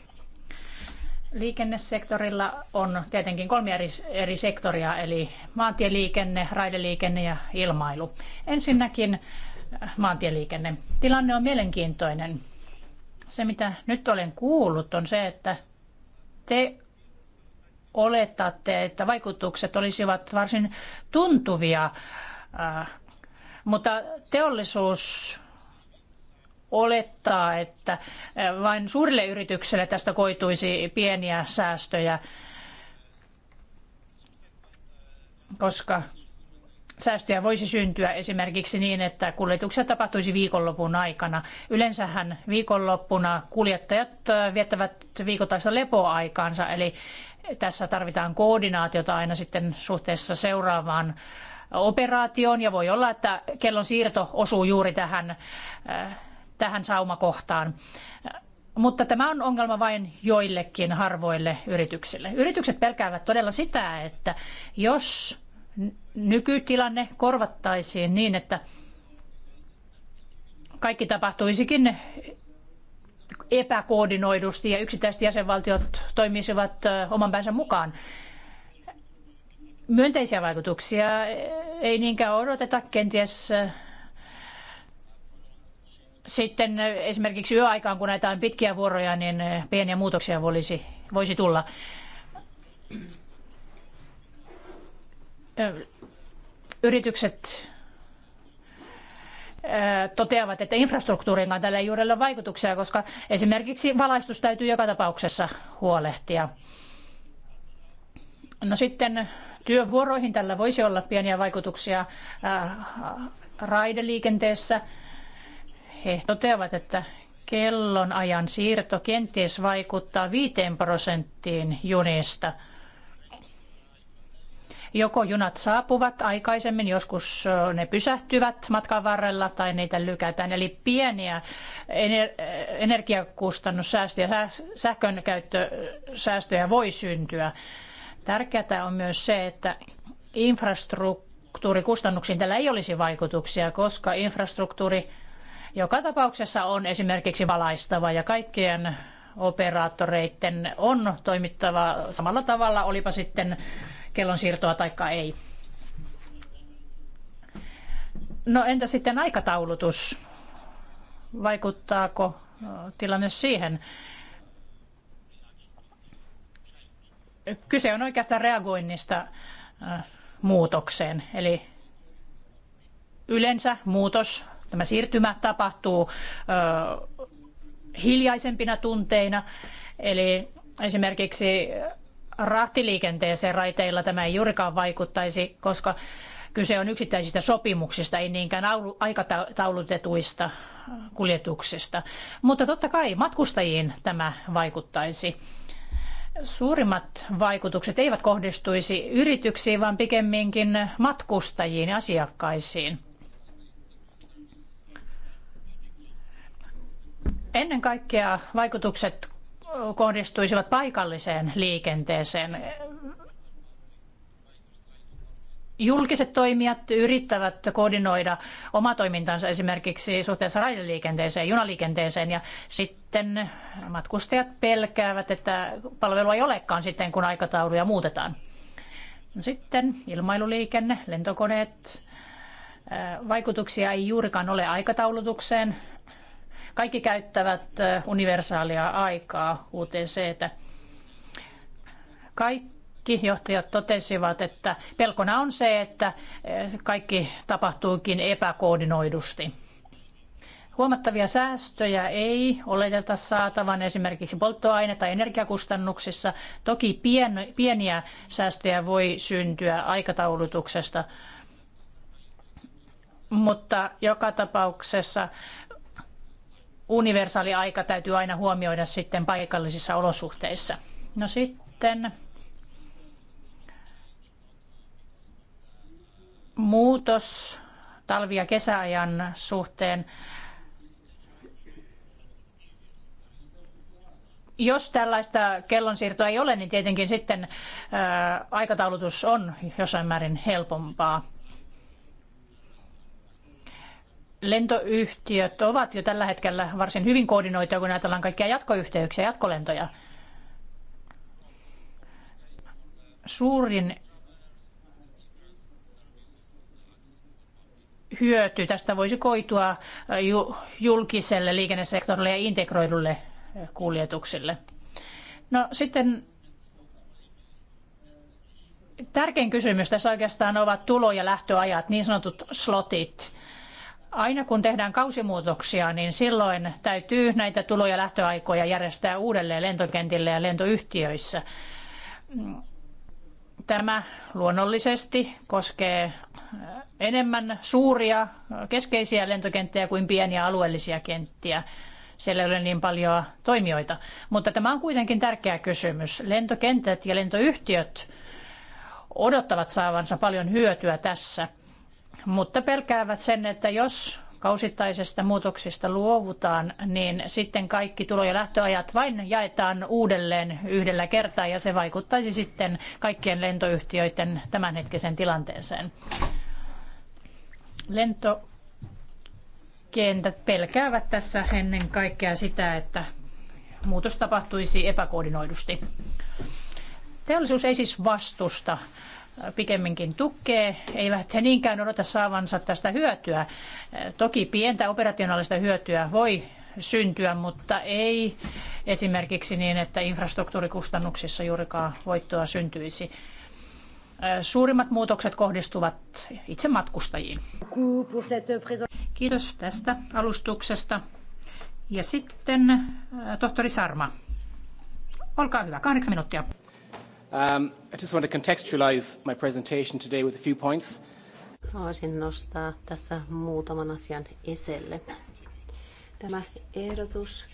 Liikennesektorilla on tietenkin kolme eri, eri sektoria, eli maantieliikenne, raideliikenne ja ilmailu. Ensinnäkin äh, maantieliikenne. Tilanne on mielenkiintoinen. Se, mitä nyt olen kuullut, on se, että te oletatte, että vaikutukset olisivat varsin tuntuvia, äh, mutta teollisuus olettaa, että äh, vain suurille yrityksille tästä koituisi pieniä säästöjä, koska säästöjä voisi syntyä esimerkiksi niin, että kuljetuksia tapahtuisi viikonlopun aikana. Yleensähän viikonloppuna kuljettajat äh, viettävät viikoittaista lepoaikaansa, eli tässä tarvitaan koordinaatiota aina sitten suhteessa seuraavaan operaatioon ja voi olla, että kellon siirto osuu juuri tähän, äh, tähän saumakohtaan. Mutta tämä on ongelma vain joillekin harvoille yrityksille. Yritykset pelkäävät todella sitä, että jos nykytilanne korvattaisiin niin, että kaikki tapahtuisikin epäkoordinoidusti ja yksittäiset jäsenvaltiot toimisivat oman päänsä mukaan. Myönteisiä vaikutuksia ei niinkään odoteta, kenties sitten esimerkiksi yöaikaan, kun näitä on pitkiä vuoroja, niin pieniä muutoksia voisi, voisi tulla. Yritykset toteavat, että infrastruktuurin kanssa tällä ei juuri ole vaikutuksia, koska esimerkiksi valaistus täytyy joka tapauksessa huolehtia. No sitten työvuoroihin tällä voisi olla pieniä vaikutuksia raideliikenteessä. He toteavat, että kellonajan siirto kenties vaikuttaa 5 prosenttiin junista – Joko junat saapuvat aikaisemmin, joskus ne pysähtyvät matkan varrella tai niitä lykätään. Eli pieniä energiakustannussäästöjä, sähkön käyttösäästöjä voi syntyä. Tärkeää on myös se, että infrastruktuurikustannuksiin tällä ei olisi vaikutuksia, koska infrastruktuuri joka tapauksessa on esimerkiksi valaistava ja kaikkien operaattoreiden on toimittava samalla tavalla, olipa sitten kellonsiirtoa tai ei. No entä sitten aikataulutus? Vaikuttaako tilanne siihen? Kyse on oikeastaan reagoinnista muutokseen. Eli yleensä muutos, tämä siirtymä tapahtuu hiljaisempina tunteina. Eli esimerkiksi rahtiliikenteeseen raiteilla tämä ei juurikaan vaikuttaisi, koska kyse on yksittäisistä sopimuksista, ei niinkään aikataulutetuista kuljetuksista. Mutta totta kai matkustajiin tämä vaikuttaisi. Suurimmat vaikutukset eivät kohdistuisi yrityksiin, vaan pikemminkin matkustajiin ja asiakkaisiin. Ennen kaikkea vaikutukset kohdistuisivat paikalliseen liikenteeseen. Julkiset toimijat yrittävät koordinoida oma toimintansa esimerkiksi suhteessa raideliikenteeseen, junaliikenteeseen ja sitten matkustajat pelkäävät, että palvelua ei olekaan sitten, kun aikatauluja muutetaan. Sitten ilmailuliikenne, lentokoneet. Vaikutuksia ei juurikaan ole aikataulutukseen kaikki käyttävät universaalia aikaa tä. Kaikki johtajat totesivat, että pelkona on se, että kaikki tapahtuukin epäkoordinoidusti. Huomattavia säästöjä ei oleteta saatavan esimerkiksi polttoaine- tai energiakustannuksissa. Toki pieniä säästöjä voi syntyä aikataulutuksesta, mutta joka tapauksessa universaali aika täytyy aina huomioida sitten paikallisissa olosuhteissa. No sitten muutos talvi- ja kesäajan suhteen. Jos tällaista kellonsiirtoa ei ole, niin tietenkin sitten ää, aikataulutus on jossain määrin helpompaa. lentoyhtiöt ovat jo tällä hetkellä varsin hyvin koordinoituja, kun ajatellaan kaikkia jatkoyhteyksiä, jatkolentoja. Suurin hyöty tästä voisi koitua julkiselle liikennesektorille ja integroidulle kuljetuksille. No sitten tärkein kysymys tässä oikeastaan ovat tulo- ja lähtöajat, niin sanotut slotit. Aina kun tehdään kausimuutoksia, niin silloin täytyy näitä tulo- ja lähtöaikoja järjestää uudelleen lentokentillä ja lentoyhtiöissä. Tämä luonnollisesti koskee enemmän suuria keskeisiä lentokenttiä kuin pieniä alueellisia kenttiä. Siellä ei ole niin paljon toimijoita. Mutta tämä on kuitenkin tärkeä kysymys. Lentokentät ja lentoyhtiöt odottavat saavansa paljon hyötyä tässä – mutta pelkäävät sen, että jos kausittaisesta muutoksista luovutaan, niin sitten kaikki tulo- ja lähtöajat vain jaetaan uudelleen yhdellä kertaa ja se vaikuttaisi sitten kaikkien lentoyhtiöiden tämänhetkisen tilanteeseen. Lentokentät pelkäävät tässä ennen kaikkea sitä, että muutos tapahtuisi epäkoordinoidusti. Teollisuus ei siis vastusta pikemminkin tukee, eivät he niinkään odota saavansa tästä hyötyä. Toki pientä operationaalista hyötyä voi syntyä, mutta ei esimerkiksi niin, että infrastruktuurikustannuksissa juurikaan voittoa syntyisi. Suurimmat muutokset kohdistuvat itse matkustajiin. Kiitos tästä alustuksesta. Ja sitten eh, tohtori Sarma. Olkaa hyvä, kahdeksan minuuttia. Um, I just want to contextualize my presentation today with a few points. Haluaisin nostaa tässä muutaman asian esille. Tämä ehdotus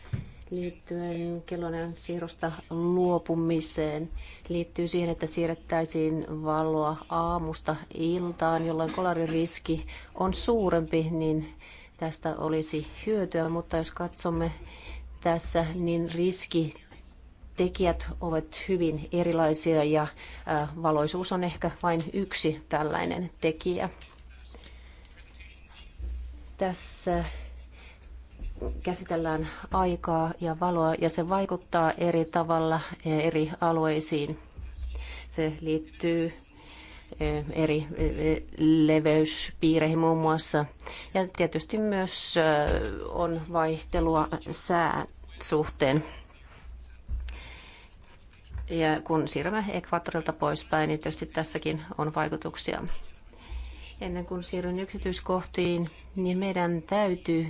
liittyen kellonajan siirrosta luopumiseen liittyy siihen, että siirrettäisiin valoa aamusta iltaan, jolloin kolaririski on suurempi, niin tästä olisi hyötyä, mutta jos katsomme tässä, niin riski tekijät ovat hyvin erilaisia ja valoisuus on ehkä vain yksi tällainen tekijä. Tässä käsitellään aikaa ja valoa ja se vaikuttaa eri tavalla eri alueisiin. Se liittyy eri leveyspiireihin muun muassa. Ja tietysti myös on vaihtelua sää suhteen. Ja kun siirrymme ekvaattorilta poispäin, niin tietysti tässäkin on vaikutuksia. Ennen kuin siirryn yksityiskohtiin, niin meidän täytyy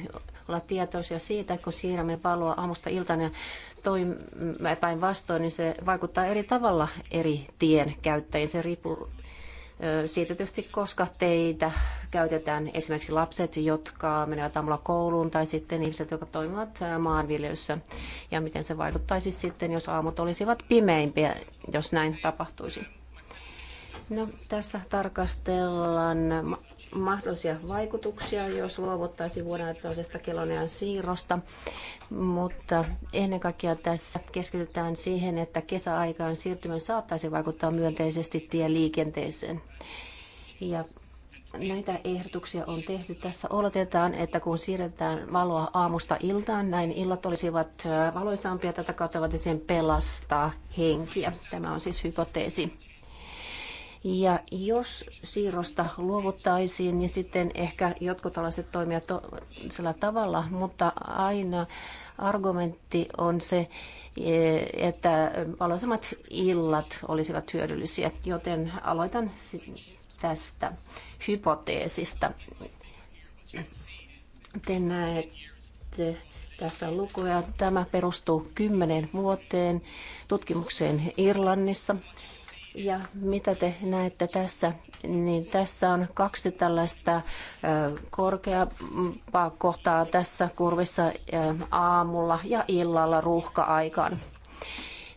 olla tietoisia siitä, kun siirrämme valoa aamusta iltana ja päinvastoin, niin se vaikuttaa eri tavalla eri tien käyttäjiin. Se riippuu siitä tietysti, koska teitä käytetään esimerkiksi lapset, jotka menevät aamulla kouluun, tai sitten ihmiset, jotka toimivat maanviljelyssä, ja miten se vaikuttaisi sitten, jos aamut olisivat pimeimpiä, jos näin tapahtuisi. No, tässä tarkastellaan mahdollisia vaikutuksia, jos luovuttaisiin vuodenäyttöisestä kellonajan siirrosta, mutta ennen kaikkea tässä keskitytään siihen, että kesäaikaan siirtymän saattaisi vaikuttaa myönteisesti tieliikenteeseen. Ja näitä ehdotuksia on tehty. Tässä oletetaan, että kun siirretään valoa aamusta iltaan, näin illat olisivat äh, valoisampia. Tätä kautta voitaisiin pelastaa henkiä. Tämä on siis hypoteesi. Ja jos siirrosta luovuttaisiin, niin sitten ehkä jotkut tällaiset toimia sillä tavalla, mutta aina argumentti on se, eh, että valoisemmat illat olisivat hyödyllisiä, joten aloitan tästä hypoteesista. Te näette tässä lukuja. Tämä perustuu kymmenen vuoteen tutkimukseen Irlannissa. Ja mitä te näette tässä? Niin tässä on kaksi tällaista korkeampaa kohtaa tässä kurvissa aamulla ja illalla ruuhka-aikaan.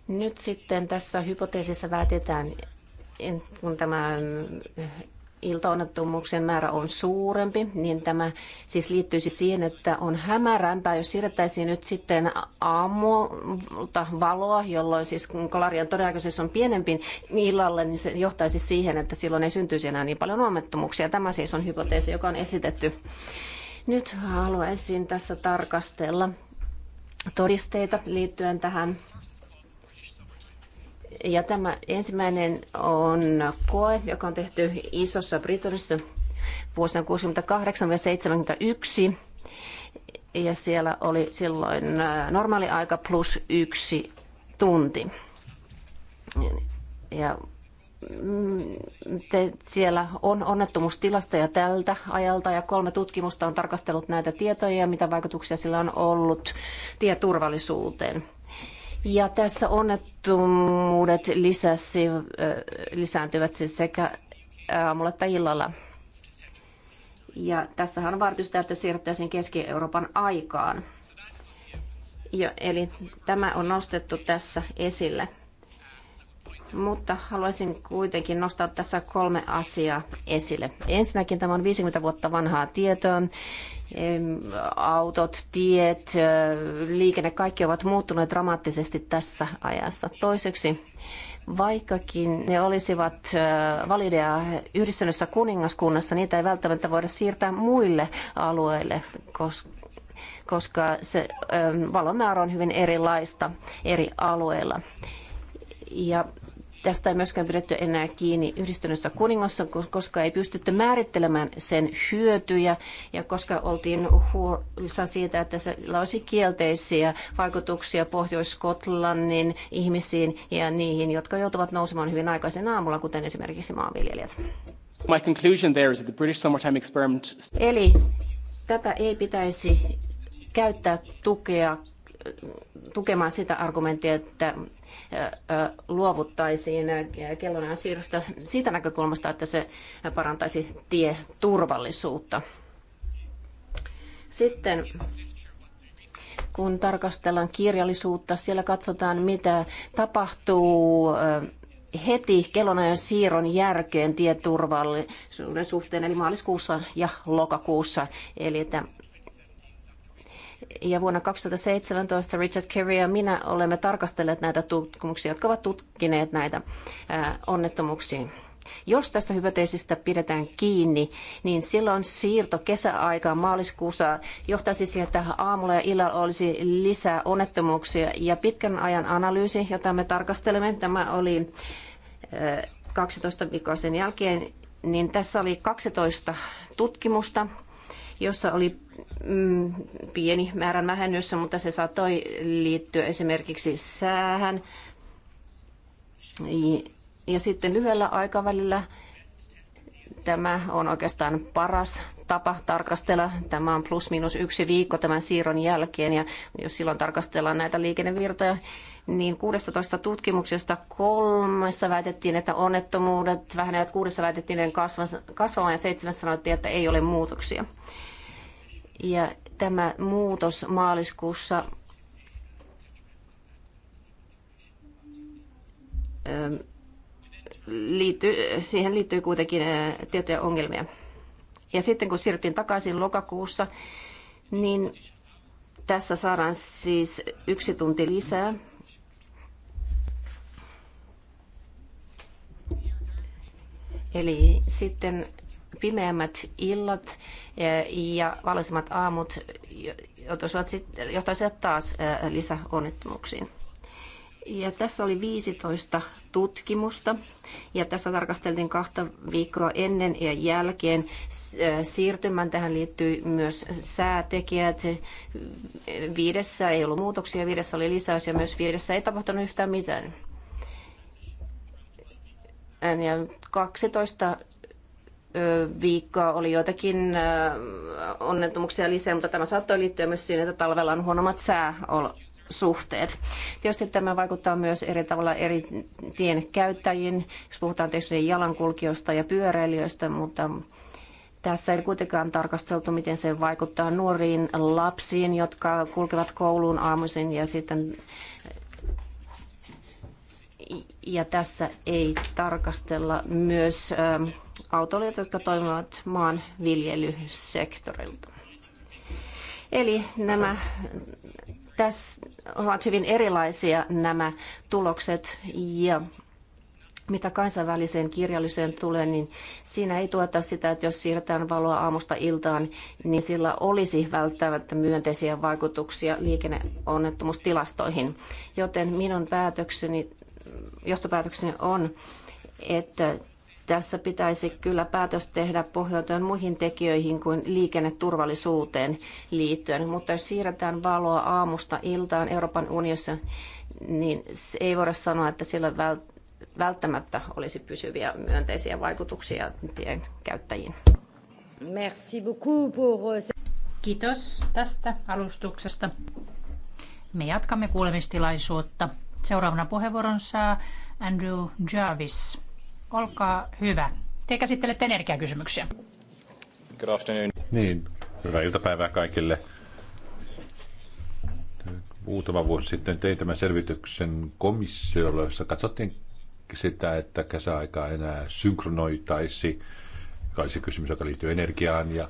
Nyt sitten tässä hypoteesissa väitetään kun tämä iltaonnettomuuksien määrä on suurempi, niin tämä siis liittyisi siihen, että on hämärämpää, jos siirrettäisiin nyt sitten aamulta valoa, jolloin siis kun kolarian todennäköisyys on pienempi illalle, niin se johtaisi siihen, että silloin ei syntyisi enää niin paljon onnettomuuksia. Tämä siis on hypoteesi, joka on esitetty. Nyt haluaisin tässä tarkastella todisteita liittyen tähän ja tämä ensimmäinen on koe, joka on tehty Isossa Britannissa vuosina 68-71. Ja siellä oli silloin äh, normaali aika plus yksi tunti. Ja mm, te, siellä on onnettomuustilastoja tältä ajalta ja kolme tutkimusta on tarkastellut näitä tietoja ja mitä vaikutuksia sillä on ollut tieturvallisuuteen. Ja tässä onnettomuudet lisäsi, lisääntyvät siis sekä aamulla että illalla. Ja tässähän on vartysta, että siirryttäisiin Keski-Euroopan aikaan. Ja, eli tämä on nostettu tässä esille mutta haluaisin kuitenkin nostaa tässä kolme asiaa esille. Ensinnäkin tämä on 50 vuotta vanhaa tietoa. Autot, tiet, liikenne, kaikki ovat muuttuneet dramaattisesti tässä ajassa. Toiseksi vaikkakin ne olisivat valideja yhdistyneessä kuningaskunnassa, niitä ei välttämättä voida siirtää muille alueille, koska se valon määrä on hyvin erilaista eri alueilla. Ja Tästä ei myöskään pidetty enää kiinni yhdistyneessä kuningossa, koska ei pystytty määrittelemään sen hyötyjä ja koska oltiin huolissaan siitä, että se olisi kielteisiä vaikutuksia Pohjois-Skotlannin ihmisiin ja niihin, jotka joutuvat nousemaan hyvin aikaisin aamulla, kuten esimerkiksi maanviljelijät. My conclusion there is that the British summertime experiment... Eli tätä ei pitäisi käyttää tukea tukemaan sitä argumenttia, että luovuttaisiin kellonajan siirrosta siitä näkökulmasta, että se parantaisi tieturvallisuutta. Sitten kun tarkastellaan kirjallisuutta, siellä katsotaan, mitä tapahtuu heti kellonajan siirron järkeen tieturvallisuuden suhteen, eli maaliskuussa ja lokakuussa. Eli että ja vuonna 2017 Richard Kerry ja minä olemme tarkastelleet näitä tutkimuksia, jotka ovat tutkineet näitä onnettomuuksia. Jos tästä hypoteesista pidetään kiinni, niin silloin siirto kesäaikaan maaliskuussa johtaisi siihen, että aamulla ja illalla olisi lisää onnettomuuksia. Ja pitkän ajan analyysi, jota me tarkastelemme, tämä oli 12 viikkoa sen jälkeen, niin tässä oli 12 tutkimusta, jossa oli Mm, pieni määrän vähennys, mutta se saattoi liittyä esimerkiksi säähän. Ja sitten lyhyellä aikavälillä tämä on oikeastaan paras tapa tarkastella. Tämä on plus minus yksi viikko tämän siirron jälkeen ja jos silloin tarkastellaan näitä liikennevirtoja, niin 16 tutkimuksesta kolmessa väitettiin, että onnettomuudet vähenevät, kuudessa väitettiin kasvavan ja seitsemässä sanottiin, että ei ole muutoksia. Ja tämä muutos maaliskuussa ähm, liittyy, siihen liittyy kuitenkin äh, tiettyjä ongelmia. Ja sitten kun siirryttiin takaisin lokakuussa, niin tässä saadaan siis yksi tunti lisää. Eli sitten pimeämmät illat eh, ja valoisimmat aamut johtaisivat taas eh, lisäonnettomuuksiin. Ja tässä oli 15 tutkimusta ja tässä tarkasteltiin kahta viikkoa ennen ja jälkeen eh, siirtymän. Tähän liittyy myös säätekijät. Viidessä ei ollut muutoksia, viidessä oli lisäys ja myös viidessä ei tapahtunut yhtään mitään. Ja 12 viikkoa oli joitakin onnettomuuksia lisää, mutta tämä saattoi liittyä myös siihen, että talvella on huonommat sääolosuhteet. Tietysti tämä vaikuttaa myös eri tavalla eri tien käyttäjiin, jos puhutaan tietysti jalankulkijoista ja pyöräilijöistä, mutta tässä ei kuitenkaan tarkasteltu, miten se vaikuttaa nuoriin lapsiin, jotka kulkevat kouluun aamuisin ja sitten ja tässä ei tarkastella myös äh, autoilijat, jotka toimivat maan viljelysektorilta. Eli nämä tässä ovat hyvin erilaisia nämä tulokset ja mitä kansainväliseen kirjalliseen tulee, niin siinä ei tueta sitä, että jos siirretään valoa aamusta iltaan, niin sillä olisi välttämättä myönteisiä vaikutuksia liikenneonnettomuustilastoihin. Joten minun päätökseni, johtopäätökseni on, että tässä pitäisi kyllä päätös tehdä pohjautuen muihin tekijöihin kuin liikenneturvallisuuteen liittyen. Mutta jos siirretään valoa aamusta iltaan Euroopan unionissa, niin ei voida sanoa, että sillä välttämättä olisi pysyviä myönteisiä vaikutuksia tien käyttäjiin. Merci beaucoup pour... Euh, Kiitos tästä alustuksesta. Me jatkamme kuulemistilaisuutta. Seuraavana puheenvuoron saa Andrew Jarvis. Olkaa hyvä. Te käsittelette energiakysymyksiä. Good afternoon. Niin, hyvää iltapäivää kaikille. Muutama vuosi sitten tein tämän selvityksen komissiolle, jossa katsottiin sitä, että kesäaikaa enää synkronoitaisi, joka olisi kysymys, joka liittyy energiaan, ja,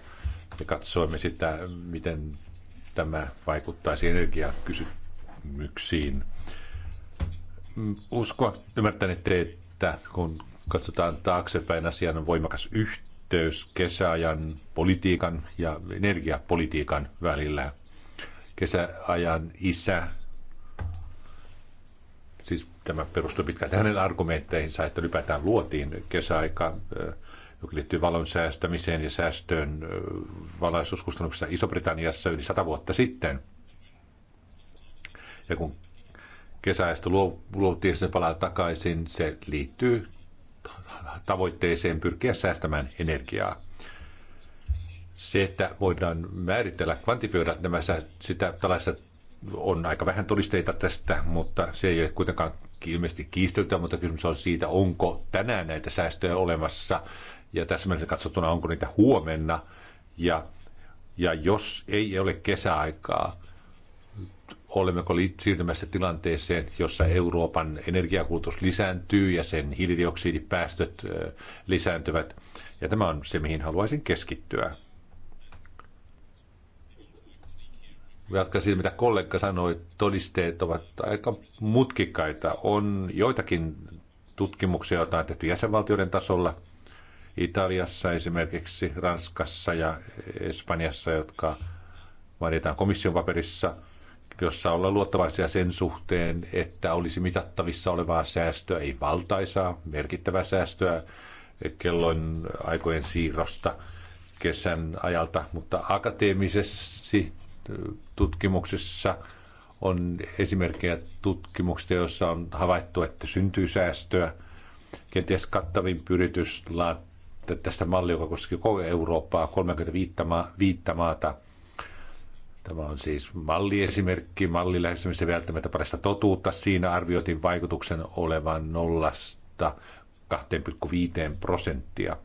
ja katsoimme sitä, miten tämä vaikuttaisi energiakysymyksiin. Mm, uskoa ymmärtäneet te, että kun katsotaan taaksepäin, asian on voimakas yhteys kesäajan politiikan ja energiapolitiikan välillä. Kesäajan isä, siis tämä perustuu pitkälti hänen argumentteihinsa, että ylipäätään luotiin kesäaika, joka liittyy valon säästämiseen ja säästöön valaisuuskustannuksissa Iso-Britanniassa yli sata vuotta sitten. Ja kun kesäajasta luovuttiin, se palaa takaisin, se liittyy tavoitteeseen pyrkiä säästämään energiaa. Se, että voidaan määritellä, kvantifioida nämä sitä tällaista on aika vähän todisteita tästä, mutta se ei ole kuitenkaan ilmeisesti kiisteltyä, mutta kysymys on siitä, onko tänään näitä säästöjä olemassa ja tässä mielessä katsottuna, onko niitä huomenna ja, ja jos ei ole kesäaikaa, olemmeko siirtymässä tilanteeseen, jossa Euroopan energiakulutus lisääntyy ja sen hiilidioksidipäästöt lisääntyvät. Ja tämä on se, mihin haluaisin keskittyä. Jatkaisin, siitä, mitä kollega sanoi, todisteet ovat aika mutkikkaita. On joitakin tutkimuksia, joita on tehty jäsenvaltioiden tasolla, Italiassa esimerkiksi, Ranskassa ja Espanjassa, jotka mainitaan komission paperissa – jossa olla luottavaisia sen suhteen, että olisi mitattavissa olevaa säästöä, ei valtaisaa, merkittävää säästöä kellon aikojen siirrosta kesän ajalta, mutta akateemisessa tutkimuksessa on esimerkkejä tutkimuksista, joissa on havaittu, että syntyy säästöä. Kenties kattavin pyritys tästä malli, joka koski koko Eurooppaa, 35 maata – Tämä on siis malliesimerkki, malli lähestymistä välttämättä parasta totuutta. Siinä arvioitiin vaikutuksen olevan nollasta 2,5 prosenttia.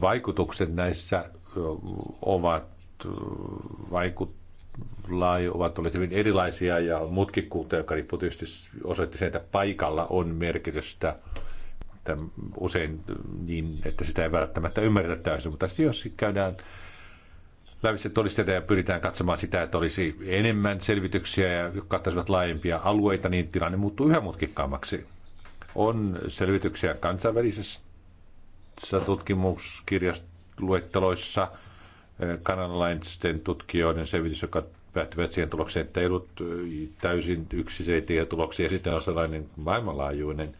Vaikutukset näissä ovat, vaikut, lai, ovat olleet hyvin erilaisia ja mutkikkuutta, joka riippuu tietysti osoitti sen, että paikalla on merkitystä usein niin, että sitä ei välttämättä ymmärretä täysin, mutta jos käydään päivissä todisteita ja pyritään katsomaan sitä, että olisi enemmän selvityksiä ja kattaisivat laajempia alueita, niin tilanne muuttuu yhä mutkikkaammaksi. On selvityksiä kansainvälisessä tutkimuskirjaluetteloissa, eh, kanadalaisten tutkijoiden selvitys, joka päättyvät siihen tulokseen, että ei ollut eh, täysin yksiseitiä tuloksia. Ja sitten on sellainen maailmanlaajuinen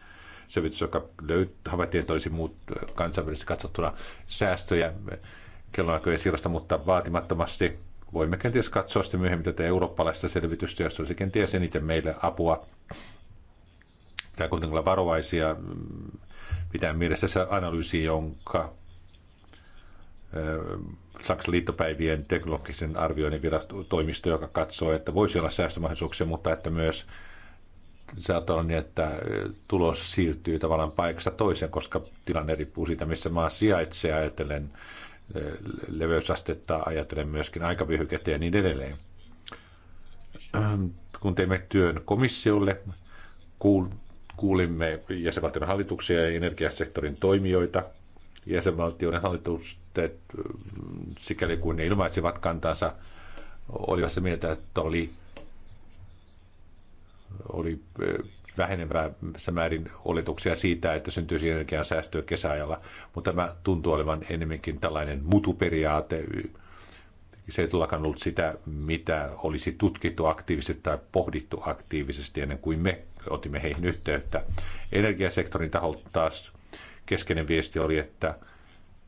selvitys, joka löytyy, havaittiin, että olisi muut eh, kansainvälisesti katsottuna säästöjä kellonaikojen siirrosta, mutta vaatimattomasti. Voimme kenties katsoa sitten myöhemmin tätä eurooppalaista selvitystä, jos olisi kenties eniten meille apua. Pitää kuitenkin olla varovaisia, mm, pitää mielessä se analyysi, jonka Saksan liittopäivien teknologisen arvioinnin toimisto, joka katsoo, että voisi olla säästömahdollisuuksia, mutta että myös saattaa olla niin, että tulos siirtyy tavallaan paikasta toiseen, koska tilanne riippuu siitä, missä maa sijaitsee ajatellen leveysastetta, ajatellen myöskin aikavyöhykettä ja niin edelleen. Ähm, kun teimme työn komissiolle, kuulimme jäsenvaltion hallituksia ja energiasektorin toimijoita. Jäsenvaltioiden hallitukset, äh, sikäli kuin ne ilmaisivat kantansa, olivat se mieltä, että oli, äh, oli äh, vähenevässä määrin oletuksia siitä, että syntyisi energiansäästöä kesäajalla, mutta tämä tuntuu olevan enemmänkin tällainen mutuperiaate. Se ei tullakaan ollut sitä, mitä olisi tutkittu aktiivisesti tai pohdittu aktiivisesti ennen kuin me otimme heihin yhteyttä. Energiasektorin taholta taas keskeinen viesti oli, että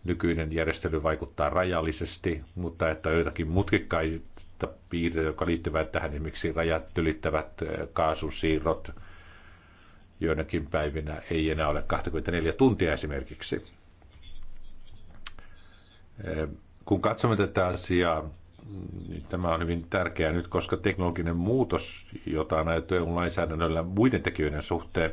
nykyinen järjestely vaikuttaa rajallisesti, mutta että joitakin mutkikkaita piirteitä, jotka liittyvät tähän, esimerkiksi rajat ylittävät eh, kaasusiirrot, joinakin päivinä ei enää ole 24 tuntia esimerkiksi. Kun katsomme tätä asiaa, niin tämä on hyvin tärkeää nyt, koska teknologinen muutos, jota on ajettu EU-lainsäädännöllä muiden tekijöiden suhteen,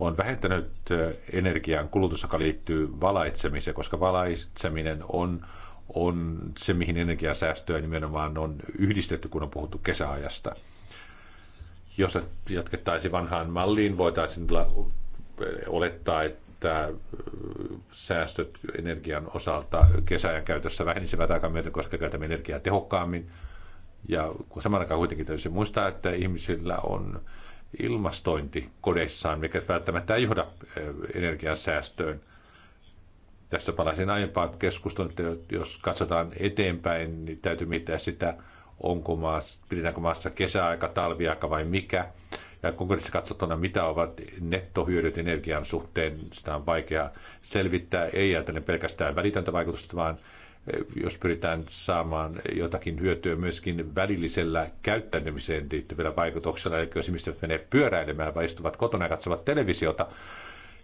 on vähentänyt eh, energian kulutus, joka liittyy valaitsemiseen, koska valaitseminen on, on se, mihin energiasäästöä nimenomaan on yhdistetty, kun on puhuttu kesäajasta. Jos jatkettaisiin vanhaan malliin, voitaisiin olettaa, että säästöt energian osalta kesäajan käytössä vähenisivät aika myöten, koska käytämme energiaa tehokkaammin. Ja samaan aikaan kuitenkin täytyy muistaa, että ihmisillä on ilmastointi kodeissaan, mikä välttämättä ei johda säästöön. Tässä palaisin aiempaan keskusteluun, että jos katsotaan eteenpäin, niin täytyy miettiä sitä, onko maassa, pidetäänkö maassa kesäaika, talviaika vai mikä. Ja konkreettisesti katsottuna, mitä ovat nettohyödyt energian suhteen, sitä on vaikea selvittää. Ei ajatellen pelkästään välitöntä vaikutusta, vaan e, jos pyritään saamaan jotakin hyötyä myöskin välillisellä käyttäytymiseen liittyvillä vaikutuksella, eli jos ihmiset menee pyöräilemään vai istuvat kotona ja katsovat televisiota,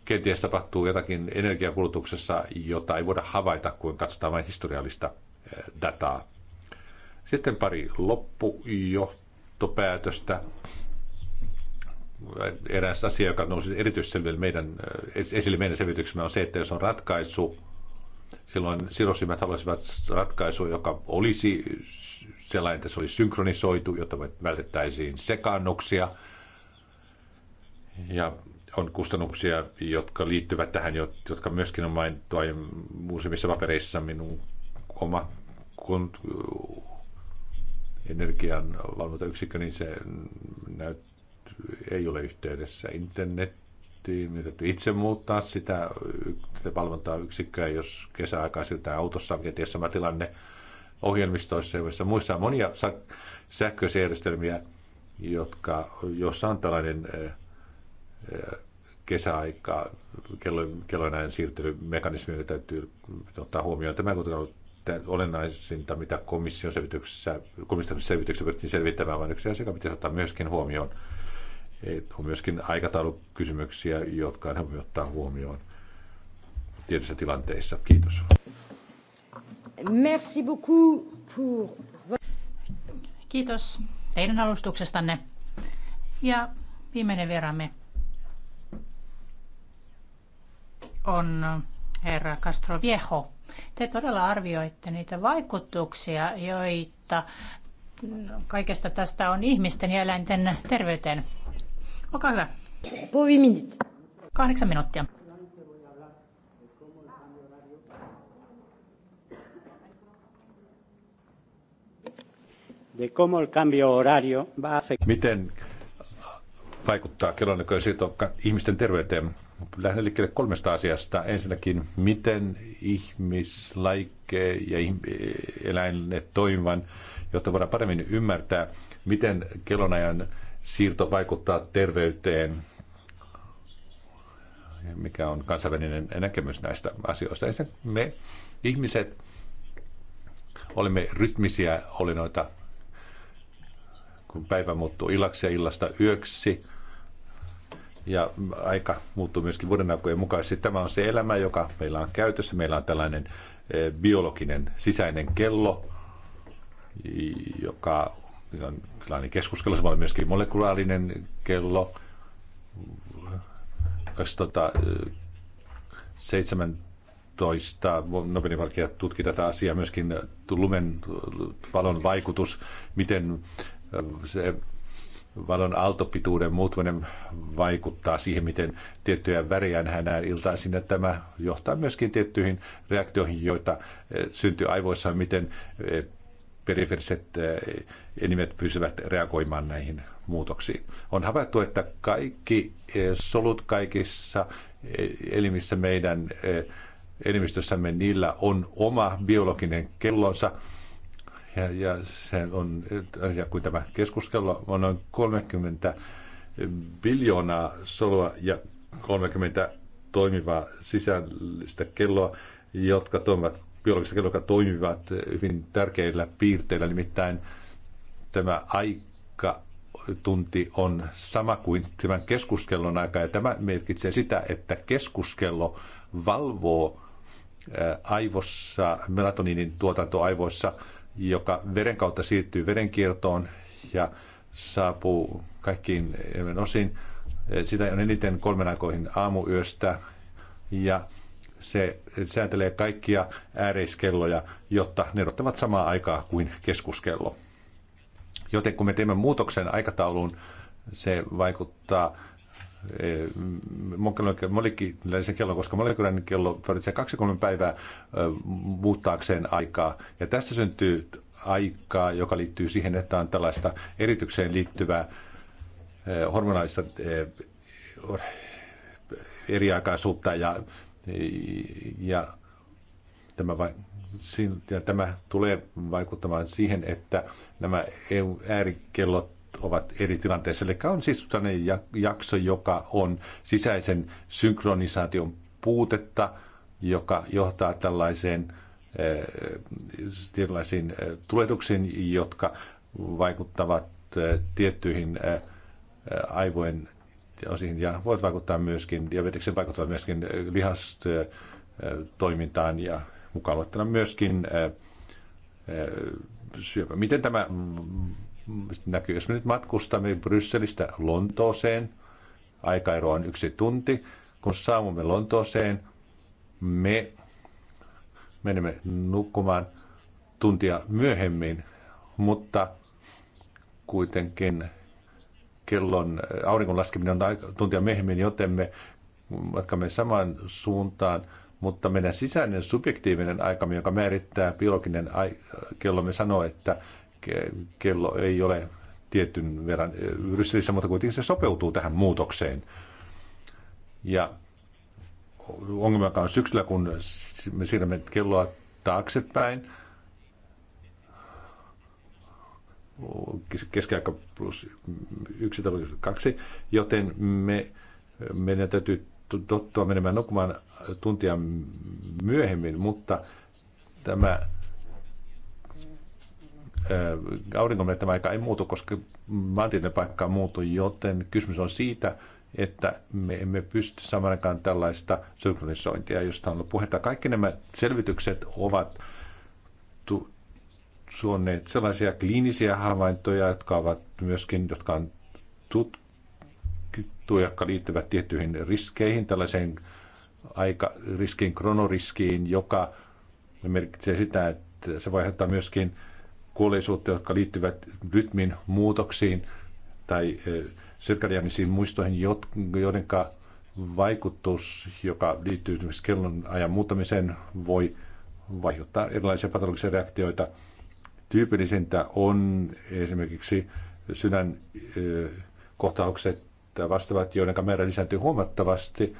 kenties tapahtuu jotakin energiakulutuksessa, jota ei voida havaita, kun katsotaan vain historiallista e, dataa. Sitten pari loppujohtopäätöstä. Eräs asia, joka nousi erityisesti meidän, esille meidän selvityksemme, on se, että jos on ratkaisu, silloin sidosryhmät haluaisivat ratkaisua, joka olisi sellainen, että se olisi synkronisoitu, jotta vältettäisiin sekaannuksia. Ja on kustannuksia, jotka liittyvät tähän, jotka myöskin on mainittu aiemmin, uusimmissa papereissa minun oma energian valvontayksikkö, niin se näyt, ei ole yhteydessä internettiin. Niin täytyy itse muuttaa sitä, sitä valvontaa yksikköä, jos kesäaikaa siltä autossa on kenties sama tilanne ohjelmistoissa ja muissa on monia sähköisiä järjestelmiä, jotka, jossa on tällainen kesäaika kello, kellonajan siirtelymekanismi, joka täytyy ottaa huomioon. Tämä on olennaisinta, mitä komission selvityksessä, komission selvityksessä pyrittiin selvittämään, vaan yksi asia, joka pitäisi ottaa myöskin huomioon, että on myöskin aikataulukysymyksiä, jotka on helpompi ottaa huomioon tietyissä tilanteissa. Kiitos. Merci beaucoup pour... Kiitos teidän alustuksestanne. Ja viimeinen vieraamme on herra Castro Viejo te todella arvioitte niitä vaikutuksia, joita kaikesta tästä on ihmisten ja eläinten terveyteen. Olkaa hyvä. Kahdeksan minuuttia. De cómo el cambio horario va a Miten vaikuttaa kellonaikaan siitä ihmisten terveyteen? lähden liikkeelle kolmesta asiasta. Ensinnäkin, miten ihmislaike ja eläinet toimivan, jotta voidaan paremmin ymmärtää, miten kelonajan siirto vaikuttaa terveyteen, mikä on kansainvälinen näkemys näistä asioista. me ihmiset olemme rytmisiä olinoita, kun päivä muuttuu illaksi ja illasta yöksi – ja aika muuttuu myöskin vuoden aikojen mukaisesti. Siis tämä on se elämä, joka meillä on käytössä. Meillä on tällainen eh, biologinen sisäinen kello, joka on tällainen keskustelu, on myöskin molekulaalinen kello. 2017 Nobelin valkia tutki tätä asiaa myöskin lumen valon vaikutus, miten eh, se valon aaltopituuden muuttuminen vaikuttaa siihen, miten tiettyjä värejä nähdään iltaisin. Ja tämä johtaa myöskin tiettyihin reaktioihin, joita eh, syntyy aivoissa, miten eh, periferiset eh, enimet pysyvät reagoimaan näihin muutoksiin. On havaittu, että kaikki solut kaikissa elimissä meidän elimistössämme, niillä on oma biologinen kellonsa, ja, ja se on, ja kun tämä keskustelu on noin 30 biljoonaa solua ja 30 toimivaa sisällistä kelloa, jotka toimivat, biologista kelloa, jotka toimivat hyvin tärkeillä piirteillä, nimittäin tämä aika tunti on sama kuin tämän keskuskellon aika, ja tämä merkitsee sitä, että keskuskello valvoo aivossa, melatoniinin tuotanto aivoissa joka veren kautta siirtyy verenkiertoon ja saapuu kaikkiin elämän osiin. Eh, sitä on eniten kolmen aikoihin aamuyöstä ja se sääntelee kaikkia ääreiskelloja, jotta ne odottavat samaa aikaa kuin keskuskello. Joten kun me teemme muutoksen aikatauluun, se vaikuttaa molekyylisen kellon, koska molekyylinen kello tarvitsee kaksi kolme päivää muuttaakseen aikaa. Ja tästä syntyy aikaa, joka liittyy siihen, että on tällaista eritykseen liittyvää hormonaalista eriaikaisuutta ja, ja tämä vai, ja tämä tulee vaikuttamaan siihen, että nämä EU-äärikellot ovat eri tilanteissa. Eli on siis sellainen jakso, joka on sisäisen synkronisaation puutetta, joka johtaa tällaiseen tällaisiin eh, eh, tulehduksiin, jotka vaikuttavat eh, tiettyihin aivojen osiin ja voivat vaikuttaa myöskin, diabeteksen vaikuttavat myöskin lihastoimintaan ja mukaan luettuna myöskin syöpä. Miten tämä näkyy. Jos me nyt matkustamme Brysselistä Lontooseen, aikaero on yksi tunti, kun saamumme Lontooseen, me menemme nukkumaan tuntia myöhemmin, mutta kuitenkin kellon äh, aurinkon laskeminen on tuntia myöhemmin, joten me matkamme samaan suuntaan, mutta meidän sisäinen subjektiivinen aikamme, joka määrittää biologinen äh, kello, me sanoo, että kello ei ole tietyn verran Brysselissä, mutta kuitenkin se sopeutuu tähän muutokseen. Ja ongelma on syksyllä, kun me siirrämme kelloa taaksepäin, keskiaika plus yksi tai kaksi, joten me, meidän täytyy tottua menemään nukkumaan tuntia myöhemmin, mutta tämä aurinkomenettämä aika ei muutu, koska maantieteen paikka muutu, joten kysymys on siitä, että me emme pysty samanaikaan tällaista synkronisointia, josta on ollut puhetta. Kaikki nämä selvitykset ovat tu- suonneet sellaisia kliinisiä havaintoja, jotka ovat myöskin, jotka on tutkittu, jotka liittyvät tiettyihin riskeihin, tällaiseen aika riskiin, kronoriskiin, joka merkitsee sitä, että se voi aiheuttaa myöskin kuolleisuutta, jotka liittyvät rytmin muutoksiin tai sirkadianisiin muistoihin, joiden vaikutus, joka liittyy esimerkiksi kellon ajan muuttamiseen, voi vaihduttaa erilaisia patologisia reaktioita. Tyypillisintä on esimerkiksi sydän kohtaukset tai vastaavat, joiden määrä lisääntyy huomattavasti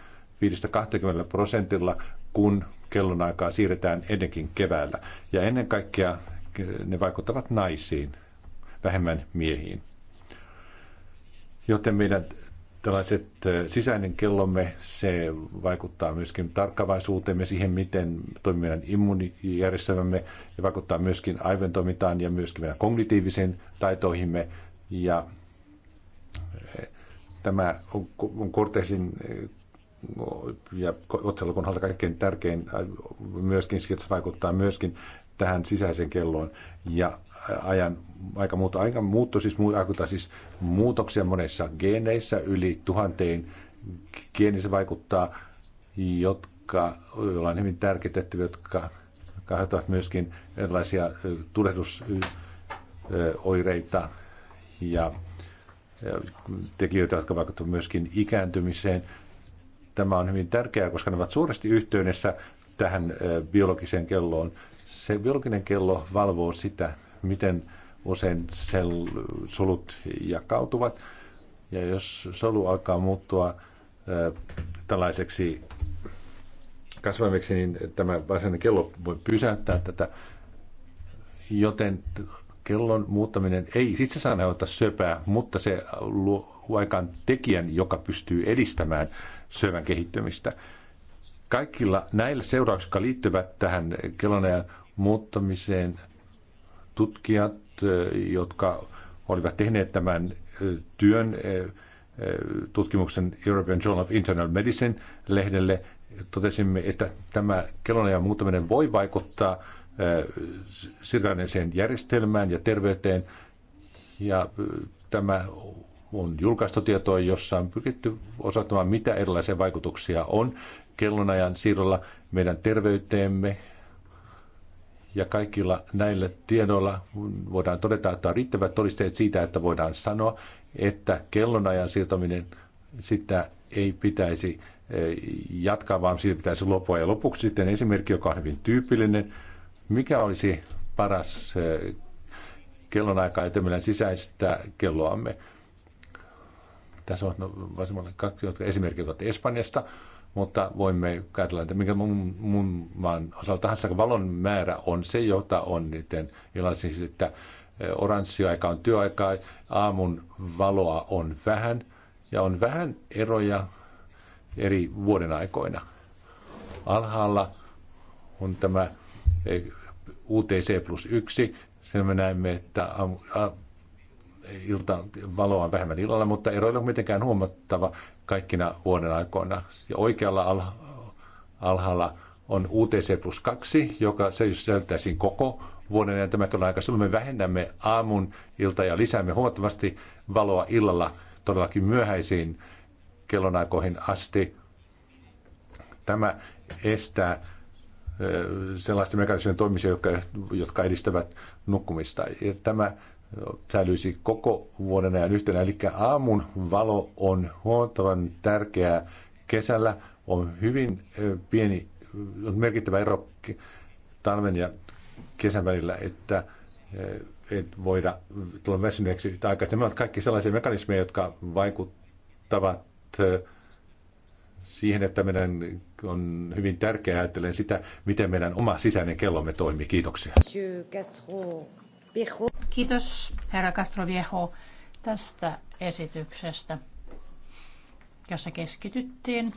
5-20 prosentilla, kun kellonaikaa siirretään ennenkin keväällä. Ja ennen kaikkea ne vaikuttavat naisiin, vähemmän miehiin. Joten meidän tällaiset sisäinen kellomme, se vaikuttaa myöskin tarkkavaisuuteemme siihen, miten toimii meidän immuunijärjestelmämme ja vaikuttaa myöskin aivojen toimintaan ja myöskin meidän kognitiivisiin taitoihimme. Ja tämä on, korteisin ja otsalokunnalta kaikkein tärkein myöskin, se vaikuttaa myöskin tähän sisäiseen kelloon ja äh, ajan aika muutto, aika muutto siis, vaikuttaa siis muutoksia monessa geeneissä yli tuhanteen geenissä vaikuttaa, jotka joilla hyvin tärkeitä, jotka aiheuttavat myöskin erilaisia äh, tulehdusoireita äh, ja tekijöitä, jotka vaikuttavat myöskin ikääntymiseen. Tämä on hyvin tärkeää, koska ne ovat suuresti yhteydessä tähän biologiseen kelloon se biologinen kello valvoo sitä, miten usein sel- solut jakautuvat. Ja jos solu alkaa muuttua ö, tällaiseksi kasvaimeksi, niin tämä varsinainen kello voi pysäyttää tätä. Joten kellon muuttaminen ei siis itsessään aiheuta syöpää, mutta se luo aikaan tekijän, joka pystyy edistämään syövän kehittymistä. Kaikilla näillä seurauksilla, jotka liittyvät tähän kellonajan muuttamiseen, tutkijat, jotka olivat tehneet tämän työn tutkimuksen European Journal of Internal Medicine lehdelle, totesimme, että tämä kellonajan muuttaminen voi vaikuttaa sirkaneeseen järjestelmään ja terveyteen. Ja tämä on julkaistu tietoa, jossa on pyritty osoittamaan, mitä erilaisia vaikutuksia on kellonajan siirrolla meidän terveyteemme. Ja kaikilla näillä tiedoilla voidaan todeta, että on riittävät todisteet siitä, että voidaan sanoa, että kellonajan siirtäminen sitä ei pitäisi eh, jatkaa, vaan siitä pitäisi lopua. Ja lopuksi sitten esimerkki, joka on hyvin tyypillinen. Mikä olisi paras eh, kellonaika, että meillä sisäistä kelloamme? Tässä on no, vasemmalle kaksi jotka esimerkiksi ovat Espanjasta mutta voimme ajatella, että mikä mun, mun maan osalta valon määrä on se, jota on niiden siis, että e, oranssiaika on työaikaa, aamun valoa on vähän ja on vähän eroja eri vuoden aikoina. Alhaalla on tämä e, UTC plus yksi, sen me näemme, että aamu, a, ilta valoa on vähemmän illalla, mutta ei on mitenkään huomattava kaikkina vuoden aikoina. Ja oikealla alhaalla on UTC plus 2, joka se sisältäisiin koko vuoden ja tämä aika. Silloin me vähennämme aamun, ilta ja lisäämme huomattavasti valoa illalla todellakin myöhäisiin kellonaikoihin asti. Tämä estää sellaisten mekanismien toimisia, jotka, jotka edistävät nukkumista. Ja tämä säilyisi koko vuoden ajan yhtenä. Eli aamun valo on huomattavan tärkeää kesällä. On hyvin pieni, on merkittävä ero talven ja kesän välillä, että et voida tulla väsyneeksi aikaa. Nämä ovat kaikki sellaisia mekanismeja, jotka vaikuttavat siihen, että meidän on hyvin tärkeää ajatellen sitä, miten meidän oma sisäinen kellomme toimii. Kiitoksia. Kiitos herra Castroviejo tästä esityksestä, jossa keskityttiin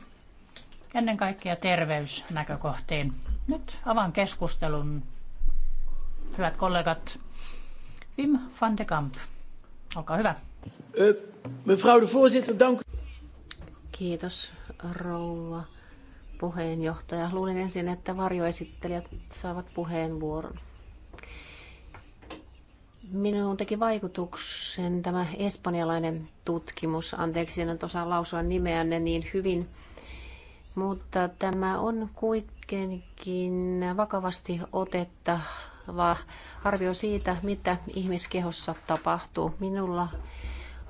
ennen kaikkea terveysnäkökohtiin. Nyt avaan keskustelun. Hyvät kollegat, Wim van de Kamp, olkaa hyvä. Eh, mevrouw de voorzitter, dank Kiitos, rouva puheenjohtaja. Luulin ensin, että varjoesittelijät saavat puheenvuoron. Minun teki vaikutuksen tämä espanjalainen tutkimus, anteeksi en osaa lausua nimeänne niin hyvin, mutta tämä on kuitenkin vakavasti otettava arvio siitä, mitä ihmiskehossa tapahtuu. Minulla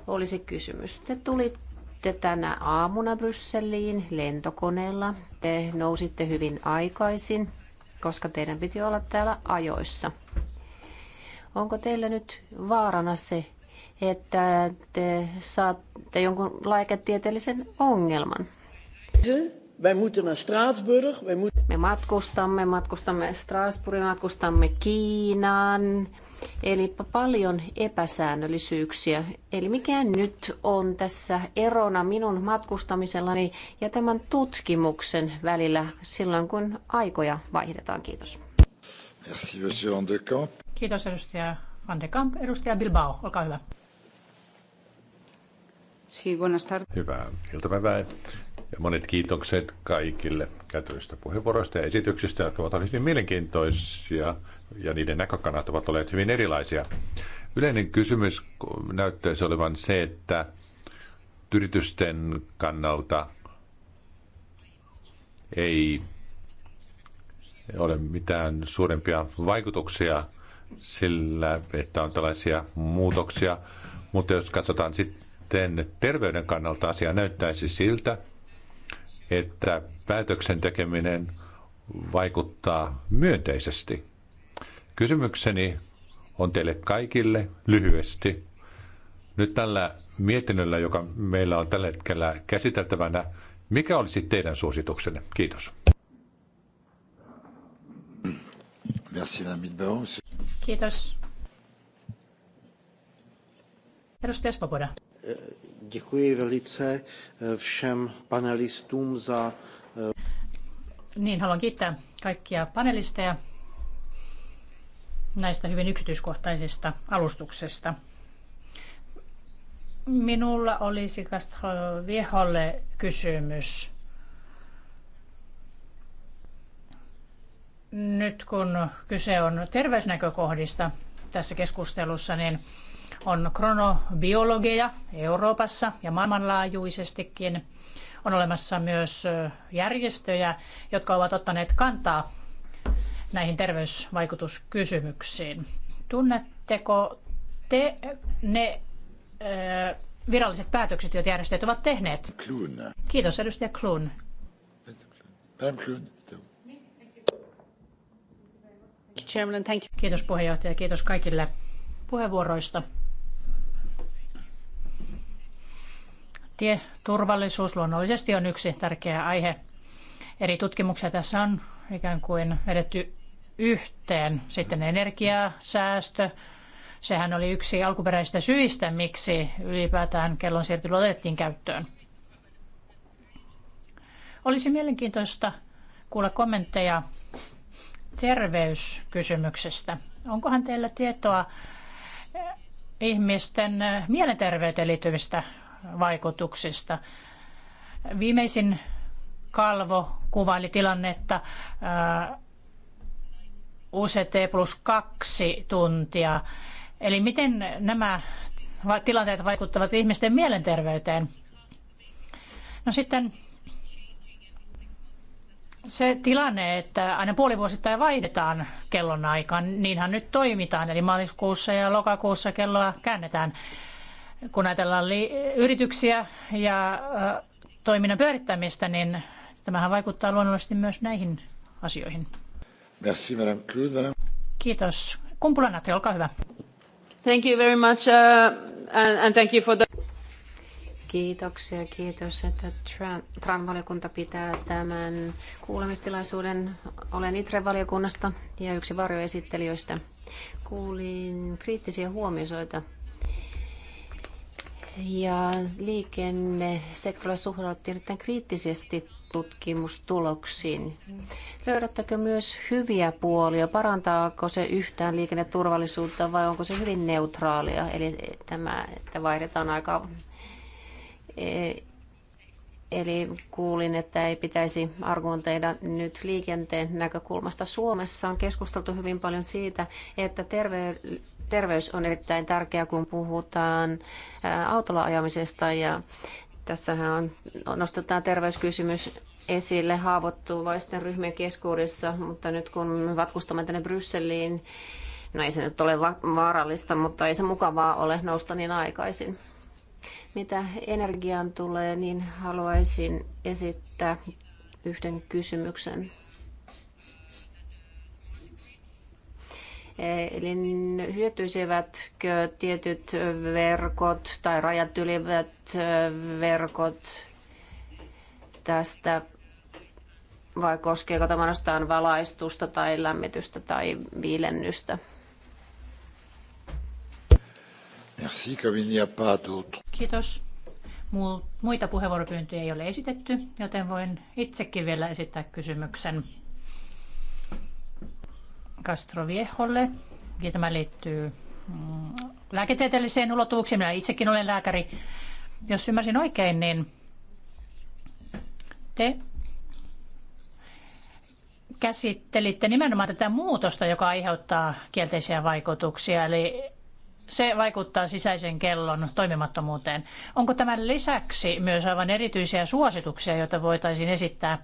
olisi kysymys. Te tulitte tänä aamuna Brysseliin lentokoneella. Te nousitte hyvin aikaisin, koska teidän piti olla täällä ajoissa. Onko teillä nyt vaarana se, että te saatte jonkun lääketieteellisen ongelman? Me matkustamme, matkustamme Strasbourgin, matkustamme Kiinaan. Eli paljon epäsäännöllisyyksiä. Eli mikä nyt on tässä erona minun matkustamisellani ja tämän tutkimuksen välillä silloin, kun aikoja vaihdetaan? Kiitos. Merci, monsieur Andekamp. Kiitos edustaja Van de Kamp. Edustaja Bilbao, olkaa hyvä. Hyvää iltapäivää ja monet kiitokset kaikille käytöistä puheenvuoroista ja esityksistä, jotka ovat hyvin mielenkiintoisia ja niiden näkökannat ovat olleet hyvin erilaisia. Yleinen kysymys näyttäisi olevan se, että yritysten kannalta ei ole mitään suurempia vaikutuksia sillä, että on tällaisia muutoksia. Mutta jos katsotaan sitten terveyden kannalta asia näyttäisi siltä, että päätöksen tekeminen vaikuttaa myönteisesti. Kysymykseni on teille kaikille lyhyesti. Nyt tällä mietinnöllä, joka meillä on tällä hetkellä käsiteltävänä, mikä olisi teidän suosituksenne? Kiitos. Kiitos. Edustaja Svoboda. Eh, děkuji velice eh, všem panelistům za... Eh, niin, haluan kiittää kaikkia panelisteja näistä hyvin yksityiskohtaisista alustuksesta. Minulla olisi Castro kysymys. nyt kun kyse on terveysnäkökohdista tässä keskustelussa, niin on kronobiologeja Euroopassa ja maailmanlaajuisestikin. On olemassa myös järjestöjä, jotka ovat ottaneet kantaa näihin terveysvaikutuskysymyksiin. Tunnetteko te ne viralliset päätökset, joita järjestöt ovat tehneet? Kiitos edustaja Kluun. Chairman, thank you. Kiitos puheenjohtaja, kiitos kaikille puheenvuoroista. Tieturvallisuus luonnollisesti on yksi tärkeä aihe. Eri tutkimuksia tässä on ikään kuin vedetty yhteen. Sitten energiasäästö, sehän oli yksi alkuperäisistä syistä, miksi ylipäätään siirtely otettiin käyttöön. Olisi mielenkiintoista kuulla kommentteja terveyskysymyksestä. Onkohan teillä tietoa eh, ihmisten eh, mielenterveyteen liittyvistä vaikutuksista? Viimeisin kalvo kuvaili tilannetta eh, UCT plus kaksi tuntia. Eli miten nämä tilanteet vaikuttavat ihmisten mielenterveyteen? No sitten se tilanne, että aina puolivuosittain vaihdetaan kellon aikaan, niinhän nyt toimitaan. Eli maaliskuussa ja lokakuussa kelloa käännetään. Kun ajatellaan li- yrityksiä ja ö, toiminnan pyörittämistä, niin tämähän vaikuttaa luonnollisesti myös näihin asioihin. Merci, madame Kiitos. Kumpula Natri, olkaa hyvä. Thank you very much uh, and, and thank you for the... Kiitoksia, kiitos, että TRAN-valiokunta pitää tämän kuulemistilaisuuden. Olen ITRE-valiokunnasta ja yksi varjoesittelijöistä. Kuulin kriittisiä huomioita ja liikennesektorilla suhtauduttiin erittäin kriittisesti tutkimustuloksiin. Löydättekö myös hyviä puolia? Parantaako se yhtään liikenneturvallisuutta vai onko se hyvin neutraalia? Eli tämä, että vaihdetaan aika E, eli kuulin, että ei pitäisi argumentoida nyt liikenteen näkökulmasta. Suomessa on keskusteltu hyvin paljon siitä, että terve- terveys on erittäin tärkeää, kun puhutaan autolla ajamisesta. Ja tässähän on, nostetaan terveyskysymys esille haavoittuvaisten ryhmien keskuudessa, mutta nyt kun vatkustamme tänne Brysseliin, no ei se nyt ole vaarallista, mutta ei se mukavaa ole nousta niin aikaisin. Mitä energiaan tulee, niin haluaisin esittää yhden kysymyksen. Eli hyötyisivätkö tietyt verkot tai rajat ylivät verkot tästä vai koskeeko tämä ainoastaan valaistusta tai lämmitystä tai viilennystä? Merci, comme il n'y a pas d'autres. Kiitos. Muita puheenvuoropyyntöjä ei ole esitetty, joten voin itsekin vielä esittää kysymyksen Castro Vieholle. Ja tämä liittyy mm, lääketieteelliseen ulottuvuuksiin. Minä itsekin olen lääkäri. Jos ymmärsin oikein, niin te käsittelitte nimenomaan tätä muutosta, joka aiheuttaa kielteisiä vaikutuksia, eli se vaikuttaa sisäisen kellon toimimattomuuteen. Onko tämän lisäksi myös aivan erityisiä suosituksia, joita voitaisiin esittää,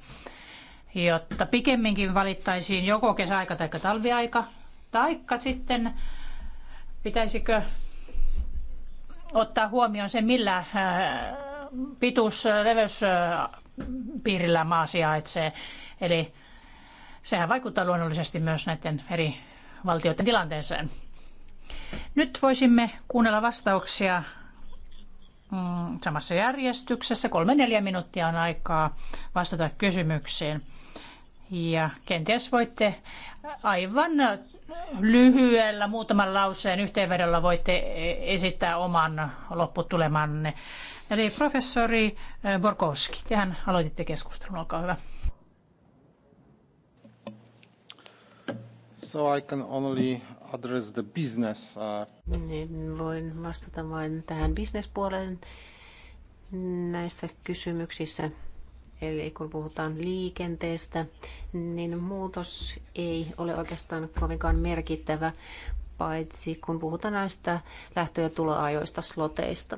jotta pikemminkin valittaisiin joko kesäaika tai talviaika, taikka sitten pitäisikö ottaa huomioon se, millä äh, pituus, äh, leveys äh, piirillä maa sijaitsee. Eli sehän vaikuttaa luonnollisesti myös näiden eri valtioiden tilanteeseen. Nyt voisimme kuunnella vastauksia mm, samassa järjestyksessä. Kolme neljä minuuttia on aikaa vastata kysymykseen. Ja kenties voitte aivan lyhyellä muutaman lauseen yhteenvedolla voitte esittää oman lopputulemanne. Eli professori eh, Borkowski, tehän aloititte keskustelun, olkaa hyvä. So I can only address the business. Uh, niin, voin vastata vain tähän bisnespuoleen näistä kysymyksissä. Eli kun puhutaan liikenteestä, niin muutos ei ole oikeastaan kovinkaan merkittävä, paitsi kun puhutaan näistä lähtö- ja tuloajoista, sloteista.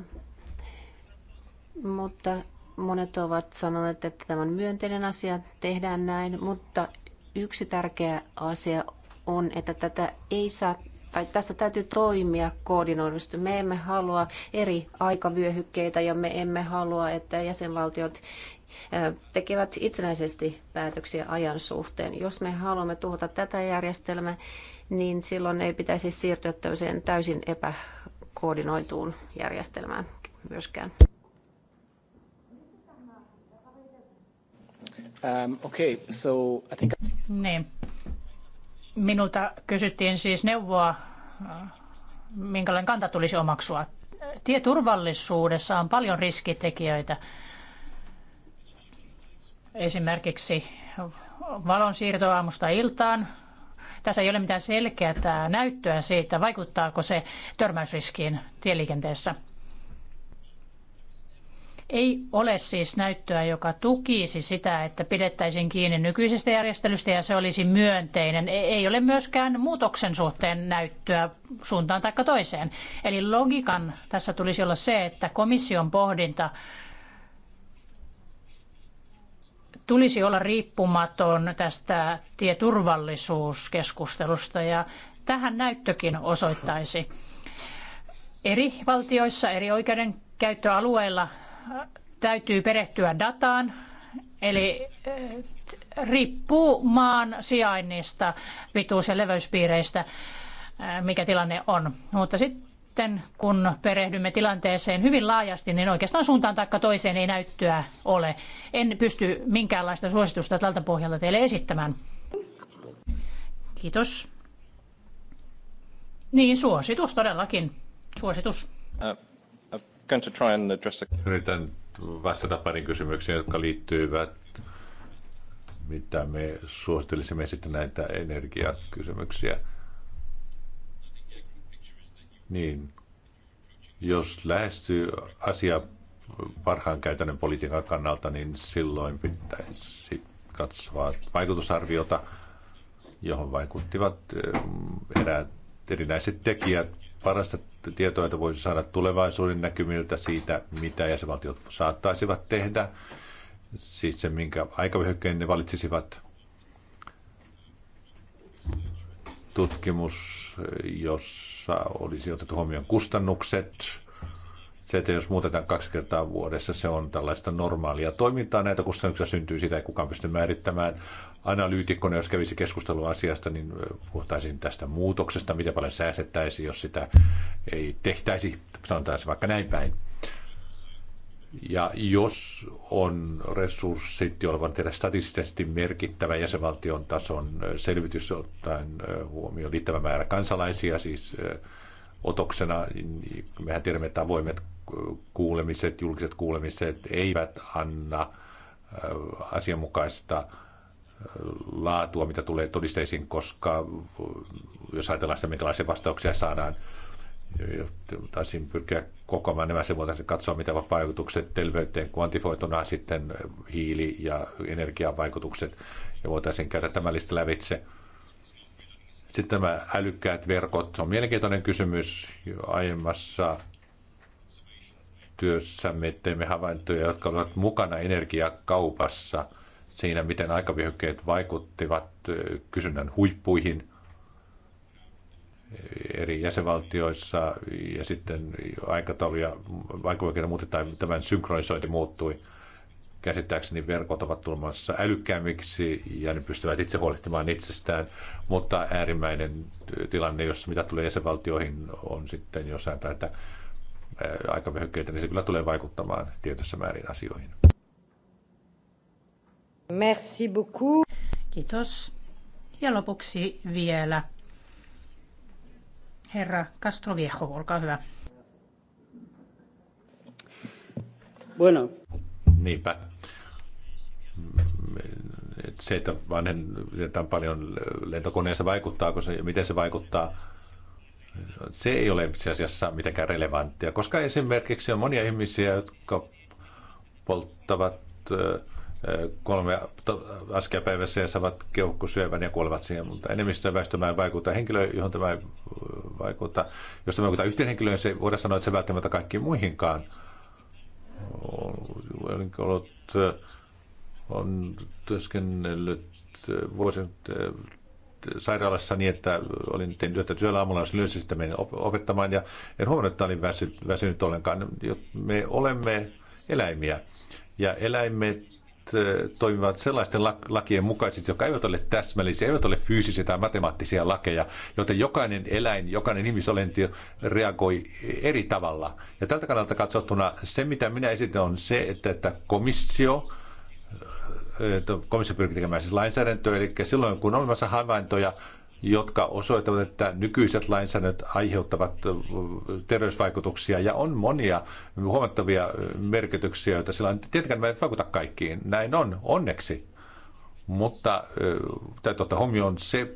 Mutta monet ovat sanoneet, että tämä on myönteinen asia, tehdään näin, mutta yksi tärkeä asia on, että tätä ei saa tai tässä täytyy toimia koordinoidusti. Me emme halua eri aikavyöhykkeitä ja me emme halua, että jäsenvaltiot tekevät itsenäisesti päätöksiä ajan suhteen. Jos me haluamme tuhota tätä järjestelmää, niin silloin ei pitäisi siirtyä täysin, täysin epäkoordinoituun järjestelmään myöskään. Um, okay, so I think... Niin. Minulta kysyttiin siis neuvoa, äh, minkälainen kanta tulisi omaksua. Tieturvallisuudessa on paljon riskitekijöitä. Esimerkiksi valon siirto aamusta iltaan. Tässä ei ole mitään selkeää näyttöä siitä, vaikuttaako se törmäysriskiin tieliikenteessä. Ei ole siis näyttöä, joka tukisi sitä, että pidettäisiin kiinni nykyisestä järjestelystä ja se olisi myönteinen. E- ei ole myöskään muutoksen suhteen näyttöä suuntaan tai toiseen. Eli logiikan tässä tulisi olla se, että komission pohdinta tulisi olla riippumaton tästä tieturvallisuuskeskustelusta ja tähän näyttökin osoittaisi. Eri valtioissa, eri oikeuden käyttöalueilla täytyy perehtyä dataan, eli eh, riippuu maan sijainnista, pituus- ja leveyspiireistä, eh, mikä tilanne on. Mutta sitten kun perehdymme tilanteeseen hyvin laajasti, niin oikeastaan suuntaan taikka toiseen ei näyttöä ole. En pysty minkäänlaista suositusta tältä pohjalta teille esittämään. Kiitos. Niin, suositus todellakin. Suositus. Äh going to try and address... Yritän vastata parin kysymyksiin, jotka liittyvät mitä me suosittelisimme sitten näitä energiakysymyksiä. Niin, jos lähestyy asia parhaan käytännön politiikan kannalta, niin silloin pitäisi katsoa vaikutusarviota, johon vaikuttivat eh, eräät erinäiset tekijät, parasta tietoa, jota voisi saada tulevaisuuden näkymiltä siitä, mitä jäsenvaltiot saattaisivat tehdä, siis se, minkä aikavyöhykkeen ne valitsisivat. Tutkimus, jossa olisi otettu huomioon kustannukset, se, että jos muutetaan kaksi kertaa vuodessa, se on tällaista normaalia toimintaa. Näitä kustannuksia syntyy, sitä ei kukaan pysty määrittämään. Analyytikkona, jos kävisi keskustelua asiasta, niin puhuttaisiin tästä muutoksesta, mitä paljon säästettäisiin, jos sitä ei tehtäisi, sanotaan se vaikka näin päin. Ja jos on resurssit, joilla voidaan tehdä statistisesti merkittävä jäsenvaltion tason selvitys ottaen huomioon liittävä määrä kansalaisia, siis otoksena, niin mehän tiedämme, että avoimet kuulemiset, julkiset kuulemiset eivät anna äh, asianmukaista äh, laatua, mitä tulee todisteisiin, koska äh, jos ajatellaan sitä, minkälaisia vastauksia saadaan, niin taisin pyrkiä kokoamaan nämä, se voitaisiin katsoa, mitä vaikutukset terveyteen kvantifoituna sitten hiili- ja energiavaikutukset, ja voitaisiin käydä tämä lista lävitse. Sitten tämä älykkäät verkot on mielenkiintoinen kysymys. Aiemmassa työssämme teemme havaintoja, jotka olivat mukana energiakaupassa siinä, miten aikavyöhykkeet vaikuttivat kysynnän huippuihin eri jäsenvaltioissa ja sitten aikatauluja aikavyöhykkeitä muutetaan, tämän synkronisointi muuttui. Käsittääkseni verkot ovat tulemassa älykkäämmiksi ja ne pystyvät itse huolehtimaan itsestään, mutta äärimmäinen tilanne, jos mitä tulee jäsenvaltioihin, on sitten jossain päätä aikavyöhykkeitä, niin se kyllä tulee vaikuttamaan tietyssä määrin asioihin. Merci beaucoup. Kiitos. Ja lopuksi vielä herra Castroviejo, olkaa hyvä. Bueno. Niinpä. Mm, se, että vanhen paljon lentokoneessa, vaikuttaa, se miten se vaikuttaa se ei ole itse asiassa mitenkään relevanttia, koska esimerkiksi on monia ihmisiä, jotka polttavat kolme askia päivässä ja saavat keuhkosyövän ja kuolevat siihen, mutta enemmistöön väestömään ei vaikuta henkilö, johon tämä ei vaikuta. Jos tämä vaikuttaa yhteen henkilöön, se voidaan sanoa, että se välttämättä kaikkiin muihinkaan. Olen ollut, on työskennellyt vuosien sairaalassa niin, että olin tehnyt työtä työllä aamulla, jos löysin sitä menin opettamaan ja en huomannut, että olin väsy, väsynyt ollenkaan. Me olemme eläimiä ja eläimet toimivat sellaisten lakien mukaisesti, jotka eivät ole täsmällisiä, eivät ole fyysisiä tai matemaattisia lakeja, joten jokainen eläin, jokainen ihmisolento reagoi eri tavalla. Ja tältä kannalta katsottuna se, mitä minä esitän, on se, että, että komissio komissio pyrkii tekemään siis lainsäädäntöä, eli silloin kun on olemassa havaintoja, jotka osoittavat, että nykyiset lainsäädännöt aiheuttavat terveysvaikutuksia ja on monia huomattavia merkityksiä, joita sillä on. Tietenkään me ei vaikuta kaikkiin, näin on, onneksi. Mutta täytyy ottaa huomioon se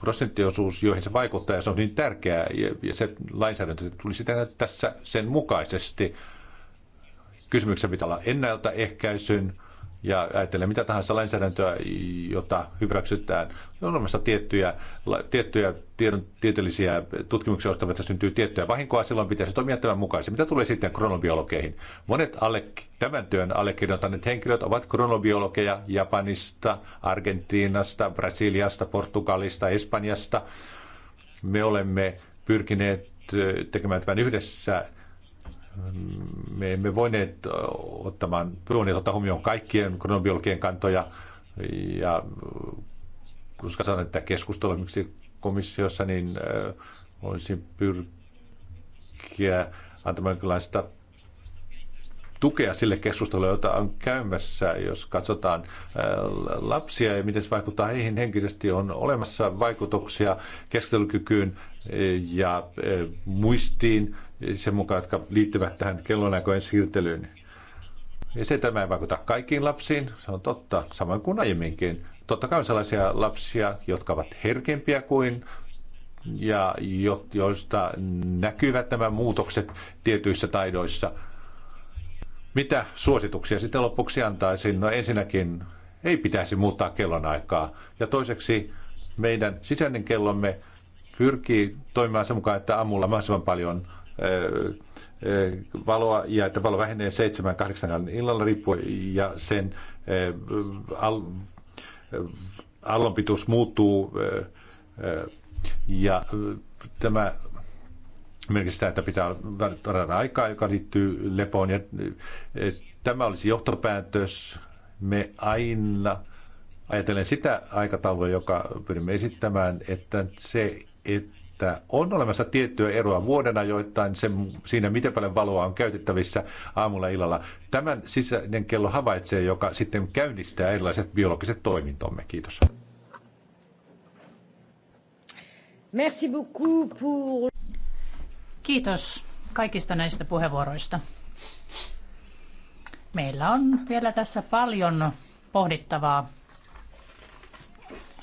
prosenttiosuus, joihin se vaikuttaa, ja se on niin tärkeää, ja se lainsäädäntö tulisi tehdä tässä sen mukaisesti. Kysymyksessä pitää olla ennaltaehkäisyn, ja ajattelee mitä tahansa lainsäädäntöä, jota hyväksytään. On olemassa tiettyjä, tiettyjä tiedon, tieteellisiä tutkimuksia, joista että syntyy tiettyä vahinkoa, silloin pitäisi toimia tämän mukaisesti. Mitä tulee sitten kronobiologeihin? Monet alle, tämän työn allekirjoittaneet henkilöt ovat kronobiologeja Japanista, Argentiinasta, Brasiliasta, Portugalista, Espanjasta. Me olemme pyrkineet tekemään tämän yhdessä me emme voineet ottamaan, voineet ottaa huomioon kaikkien kronobiologien kantoja, ja koska sanon, että keskustelu miksi komissiossa, niin voisin äh, pyrkiä antamaan jonkinlaista tukea sille keskustelulle, jota on käymässä, jos katsotaan äh, lapsia ja miten se vaikuttaa heihin henkisesti. On olemassa vaikutuksia keskustelukykyyn äh, ja muistiin sen mukaan, jotka liittyvät tähän kellonaikojen siirtelyyn. Ja se tämä ei vaikuta kaikkiin lapsiin, se on totta, samoin kuin aiemminkin. Totta kai on sellaisia lapsia, jotka ovat herkempiä kuin ja jo, joista näkyvät nämä muutokset tietyissä taidoissa. Mitä suosituksia sitten lopuksi antaisin? No ensinnäkin ei pitäisi muuttaa kellonaikaa. Ja toiseksi meidän sisäinen kellomme pyrkii toimimaan sen mukaan, että aamulla mahdollisimman paljon valoa ja että valo vähenee 7-8 illalla riippuen ja sen al- allonpituus muuttuu ja tämä merkitsee sitä, että pitää varata aikaa, joka liittyy lepoon ja tämä olisi johtopäätös. Me aina ajatellen sitä aikataulua, joka pyrimme esittämään, että se, että että on olemassa tiettyä eroa vuoden ajoittain sen, siinä, miten paljon valoa on käytettävissä aamulla ja illalla. Tämän sisäinen kello havaitsee, joka sitten käynnistää erilaiset biologiset toimintomme. Kiitos. Merci beaucoup pour... Kiitos kaikista näistä puheenvuoroista. Meillä on vielä tässä paljon pohdittavaa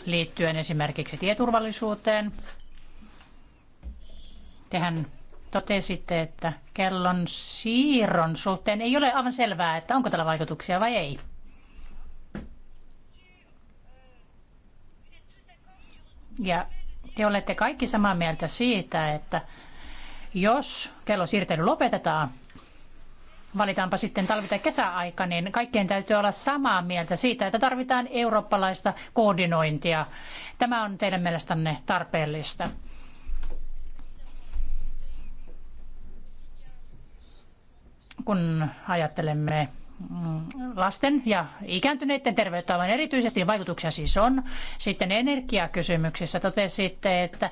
liittyen esimerkiksi tieturvallisuuteen, Tehän totesitte, että kellon siirron suhteen ei ole aivan selvää, että onko tällä vaikutuksia vai ei. Ja te olette kaikki samaa mieltä siitä, että jos kellon siirtely lopetetaan, valitaanpa sitten talvi- tai kesäaika, niin kaikkien täytyy olla samaa mieltä siitä, että tarvitaan eurooppalaista koordinointia. Tämä on teidän mielestänne tarpeellista. kun ajattelemme mm, lasten ja ikääntyneiden terveyttä aivan erityisesti niin vaikutuksia siis on. Sitten energiakysymyksissä totesitte, että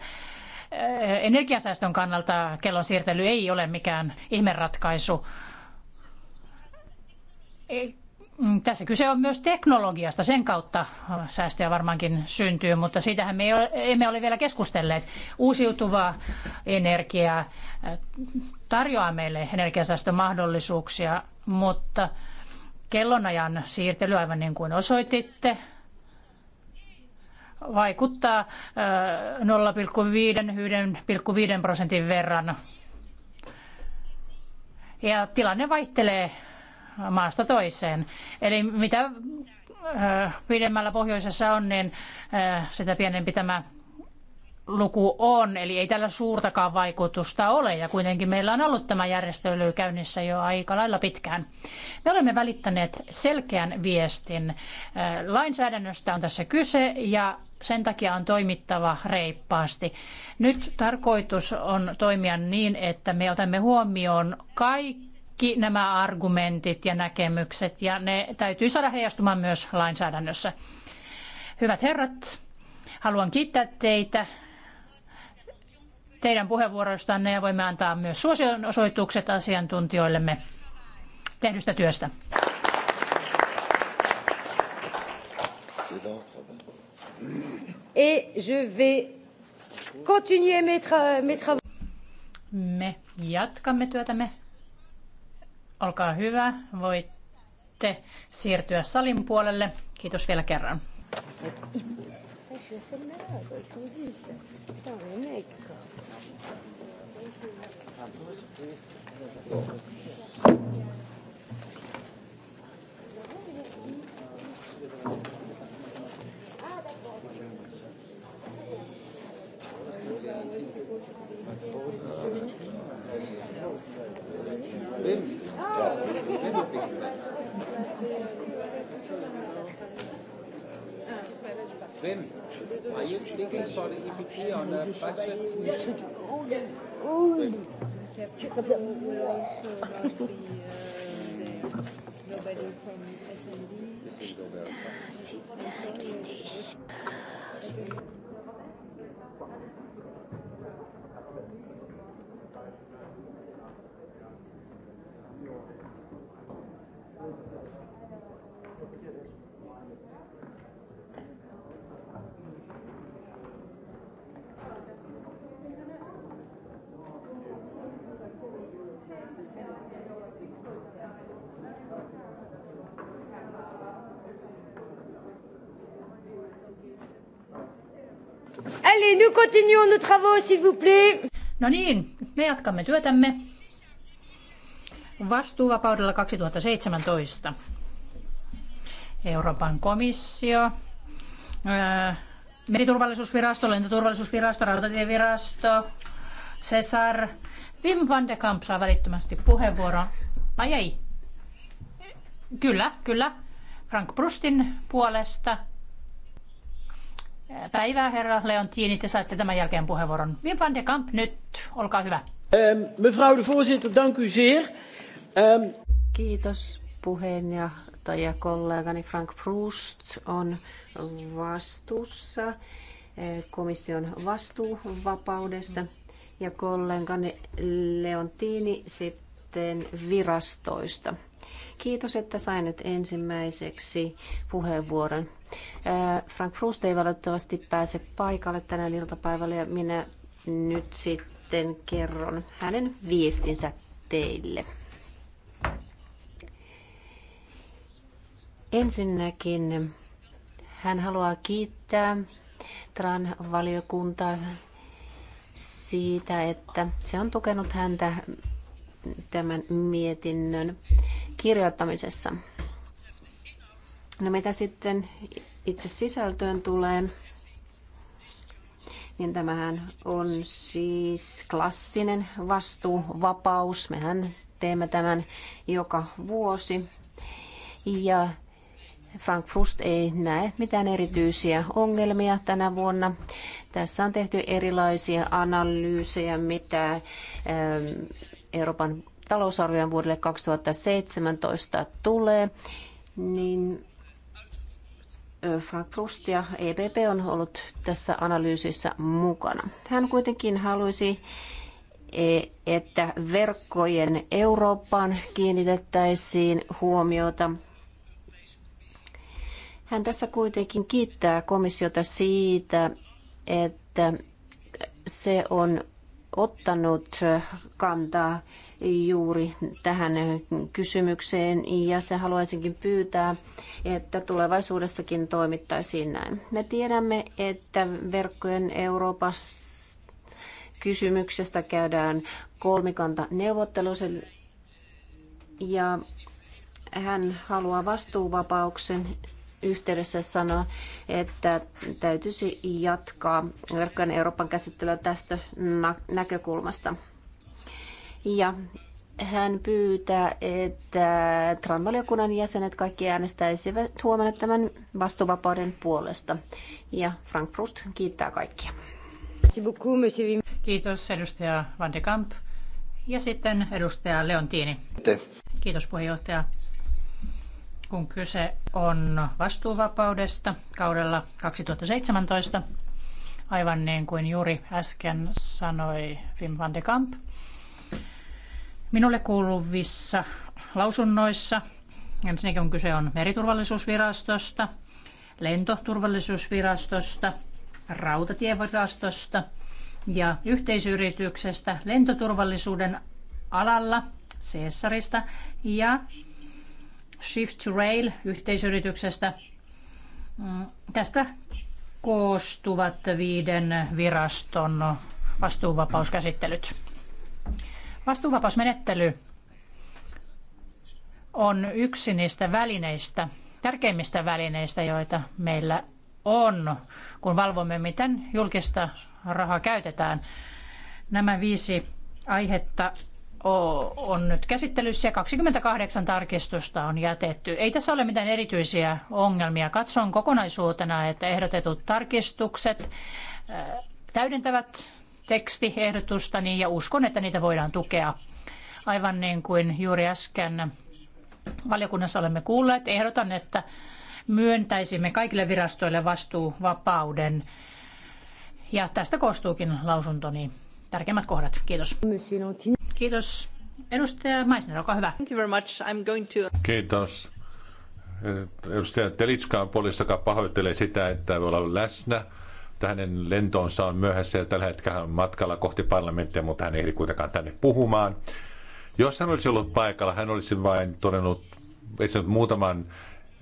eh, energiasäästön kannalta kellon siirtely ei ole mikään ihmeratkaisu. Eh, mm, tässä kyse on myös teknologiasta, sen kautta säästöjä varmaankin syntyy, mutta siitähän me emme ole vielä keskustelleet. Uusiutuvaa energiaa, eh, tarjoaa meille energiansäästömahdollisuuksia, mutta kellonajan siirtely, aivan niin kuin osoititte, vaikuttaa 0,5-1,5 prosentin verran. Ja tilanne vaihtelee maasta toiseen. Eli mitä pidemmällä pohjoisessa on, niin sitä pienempi tämä luku on, eli ei tällä suurtakaan vaikutusta ole, ja kuitenkin meillä on ollut tämä järjestely käynnissä jo aika lailla pitkään. Me olemme välittäneet selkeän viestin. Äh, lainsäädännöstä on tässä kyse, ja sen takia on toimittava reippaasti. Nyt tarkoitus on toimia niin, että me otamme huomioon kaikki nämä argumentit ja näkemykset, ja ne täytyy saada heijastumaan myös lainsäädännössä. Hyvät herrat, haluan kiittää teitä teidän puheenvuoroistanne ja voimme antaa myös suosionosoitukset asiantuntijoillemme tehdystä työstä. Me jatkamme työtämme. Olkaa hyvä, voitte siirtyä salin puolelle. Kiitos vielä kerran. Je suis assez malade, ils sont 10. Putain, les mecs. Venstre. Ah, Sven, are you speaking for the EPP on the budget? Old. Check up the Nobody from SND. This will go very fast. Thank you. Allez, nous continuons nos travaux, s'il vous plaît. No niin, me jatkamme työtämme vastuuvapaudella 2017. Euroopan komissio, öö, meriturvallisuusvirasto, lentoturvallisuusvirasto, rautatievirasto, Cesar. Wim van de Kamp saa välittömästi puheenvuoron. Ai ei. Kyllä, kyllä. Frank Brustin puolesta päivää, herra Leontini. Te saatte tämän jälkeen puheenvuoron. Wim van de Kamp nyt, olkaa hyvä. Ähm, mevrouw de voorzitter, dank u zeer. Ähm... Kiitos puheenjohtaja kollegani Frank Proust on vastuussa eh, komission vastuuvapaudesta ja kollegani Leontini sitten virastoista. Kiitos, että sain nyt ensimmäiseksi puheenvuoron. Äh, Frank Proust ei valitettavasti pääse paikalle tänään iltapäivällä ja minä nyt sitten kerron hänen viestinsä teille. Ensinnäkin hän haluaa kiittää Tran valiokuntaa siitä, että se on tukenut häntä tämän mietinnön kirjoittamisessa. No mitä sitten itse sisältöön tulee, niin tämähän on siis klassinen vastuuvapaus. Mehän teemme tämän joka vuosi. Ja Frank Frust ei näe mitään erityisiä ongelmia tänä vuonna. Tässä on tehty erilaisia analyysejä, mitä ähm, Euroopan talousarvion vuodelle 2017 tulee, niin Frank Prust ja EPP on ollut tässä analyysissä mukana. Hän kuitenkin haluaisi, e, että verkkojen Eurooppaan kiinnitettäisiin huomiota. Hän tässä kuitenkin kiittää komissiota siitä, että se on ottanut kantaa juuri tähän kysymykseen ja se haluaisinkin pyytää, että tulevaisuudessakin toimittaisiin näin. Me tiedämme, että verkkojen Euroopassa kysymyksestä käydään kolmikanta Neuvottelusen ja hän haluaa vastuuvapauksen yhteydessä sanoa, että täytyisi jatkaa verkkojen Euroopan käsittelyä tästä näkökulmasta. Ja hän pyytää, että Tran-valiokunnan jäsenet kaikki äänestäisivät huomenna tämän vastuvapauden puolesta. Ja Frank Proust kiittää kaikkia. Kiitos edustaja Van de Kamp. Ja sitten edustaja Leontiini. Kiitos puheenjohtaja kun kyse on vastuuvapaudesta kaudella 2017, aivan niin kuin juuri äsken sanoi Wim van de Kamp. Minulle kuuluvissa lausunnoissa, ensinnäkin kun kyse on meriturvallisuusvirastosta, lentoturvallisuusvirastosta, rautatievirastosta ja yhteisyrityksestä lentoturvallisuuden alalla, Cesarista ja Shift to Rail yhteisyrityksestä. Mm, tästä koostuvat viiden viraston vastuuvapauskäsittelyt. Vastuuvapausmenettely on yksi niistä välineistä, tärkeimmistä välineistä, joita meillä on, kun valvomme, miten julkista rahaa käytetään. Nämä viisi aihetta on nyt käsittelyssä ja 28 tarkistusta on jätetty. Ei tässä ole mitään erityisiä ongelmia. Katson kokonaisuutena, että ehdotetut tarkistukset äh, täydentävät tekstiehdotustani ja uskon, että niitä voidaan tukea. Aivan niin kuin juuri äsken valiokunnassa olemme kuulleet, ehdotan, että myöntäisimme kaikille virastoille vastuuvapauden. Ja tästä koostuukin lausuntoni tärkeimmät kohdat. Kiitos. Kiitos. Edustaja Maisner, olkaa hyvä. Thank you very much. I'm going to... Kiitos. Edustaja Telitskaan puolestakaan pahoittelee sitä, että voi olla läsnä. Hänen lentoonsa on myöhässä ja tällä hetkellä on matkalla kohti parlamenttia, mutta hän ei ehdi kuitenkaan tänne puhumaan. Jos hän olisi ollut paikalla, hän olisi vain todennut esittänyt muutaman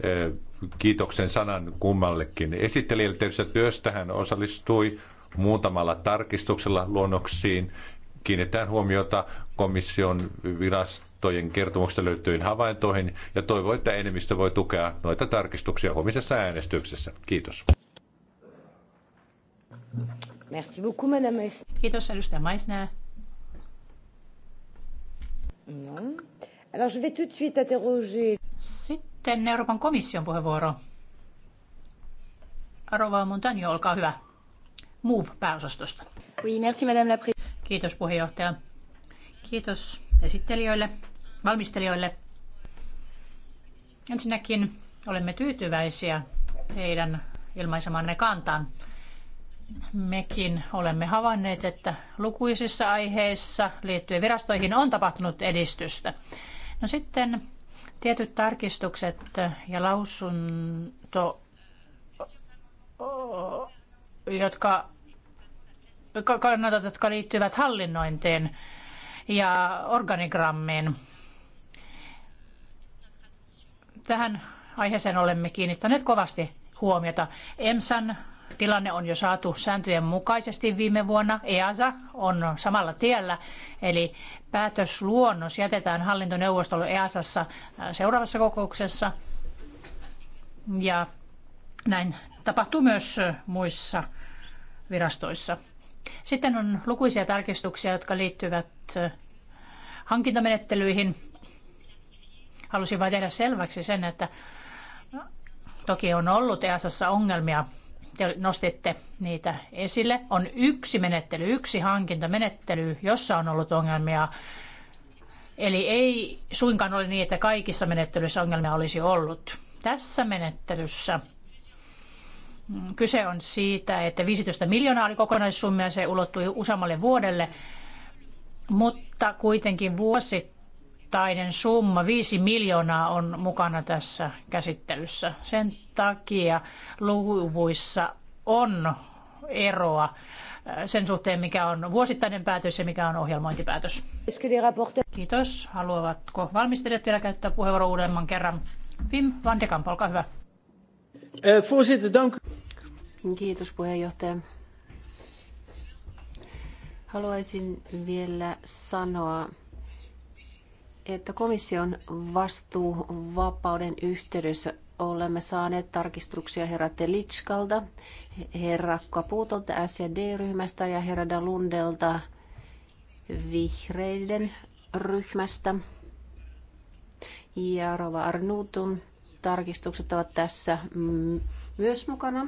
eh, kiitoksen sanan kummallekin. Esittelijälle työstä hän osallistui muutamalla tarkistuksella luonnoksiin. Kiinnitetään huomiota komission virastojen kertomuksesta löytyihin havaintoihin ja toivoo, että enemmistö voi tukea noita tarkistuksia huomisessa äänestyksessä. Kiitos. Merci beaucoup, madame. Kiitos, edustaja Maisnää. No. Alors, je vais tout de suite interroger... Sitten Euroopan komission puheenvuoro. Arova Montagno, olkaa hyvä. MOVE-pääosastosta. Oui, merci, madame la Kiitos puheenjohtaja. Kiitos esittelijöille, valmistelijoille. Ensinnäkin olemme tyytyväisiä heidän ilmaisemanne kantaan. Mekin olemme havainneet, että lukuisissa aiheissa liittyen virastoihin on tapahtunut edistystä. No sitten tietyt tarkistukset ja lausunto jotka, kannatat, jotka liittyvät hallinnointiin ja organigrammiin. Tähän aiheeseen olemme kiinnittäneet kovasti huomiota. EMSAn tilanne on jo saatu sääntöjen mukaisesti viime vuonna. EASA on samalla tiellä, eli päätösluonnos jätetään hallintoneuvostolle EASassa äh, seuraavassa kokouksessa. Ja näin tapahtuu myös muissa virastoissa. Sitten on lukuisia tarkistuksia, jotka liittyvät hankintamenettelyihin. Halusin vain tehdä selväksi sen, että toki on ollut EASassa ongelmia te nostitte niitä esille. On yksi menettely, yksi hankintamenettely, jossa on ollut ongelmia. Eli ei suinkaan ole niin, että kaikissa menettelyissä ongelmia olisi ollut. Tässä menettelyssä Kyse on siitä, että 15 miljoonaa oli kokonaissumma ja se ulottui useammalle vuodelle, mutta kuitenkin vuosittainen summa 5 miljoonaa on mukana tässä käsittelyssä. Sen takia luvuissa on eroa äh, sen suhteen, mikä on vuosittainen päätös ja mikä on ohjelmointipäätös. Kiitos. Haluavatko valmistelijat vielä käyttää puheenvuoron uudemman kerran? Vim van de Kamp, olkaa hyvä. Eh, voorzitter, dank u. Kiitos puheenjohtaja. Haluaisin vielä sanoa, että komission vastuuvapauden yhteydessä olemme saaneet tarkistuksia herra Telitskalta, herra Kaputolta SD-ryhmästä ja herra Dalundelta vihreiden ryhmästä ja Rova Arnutun tarkistukset ovat tässä mm, myös mukana.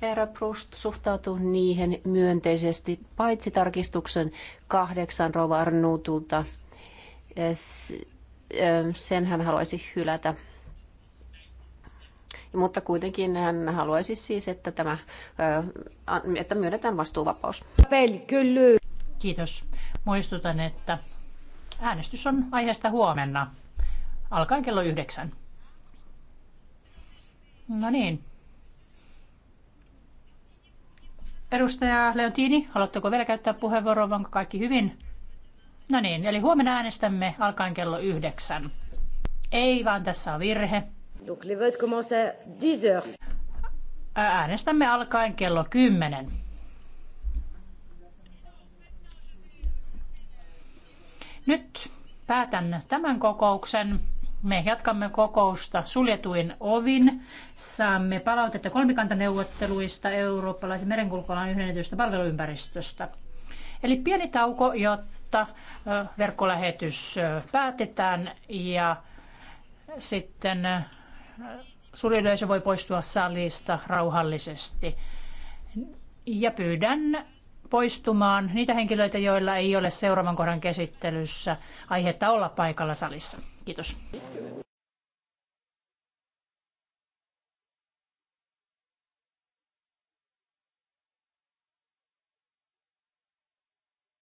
Ja herra Proust suhtautuu niihin myönteisesti, paitsi tarkistuksen kahdeksan Rova Arnutulta. Sen hän haluaisi hylätä. Mutta kuitenkin hän haluaisi siis, että, tämä, että myönnetään vastuuvapaus. Kiitos. Muistutan, että äänestys on aiheesta huomenna alkaen kello yhdeksän. No niin. Edustaja Leontini, haluatteko vielä käyttää puheenvuoroa, onko kaikki hyvin? No niin, eli huomenna äänestämme alkaen kello yhdeksän. Ei, vaan tässä on virhe. Donc les votes commencent à 10 Äänestämme alkaen kello 10. Nyt päätän tämän kokouksen. Me jatkamme kokousta suljetuin ovin. Saamme palautetta kolmikantaneuvotteluista eurooppalaisen merenkulkualan yhdennetystä palveluympäristöstä. Eli pieni tauko, jotta verkkolähetys päätetään ja sitten suuriyleisö voi poistua salista rauhallisesti. Ja pyydän poistumaan niitä henkilöitä, joilla ei ole seuraavan kohdan käsittelyssä aihetta olla paikalla salissa. Kiitos.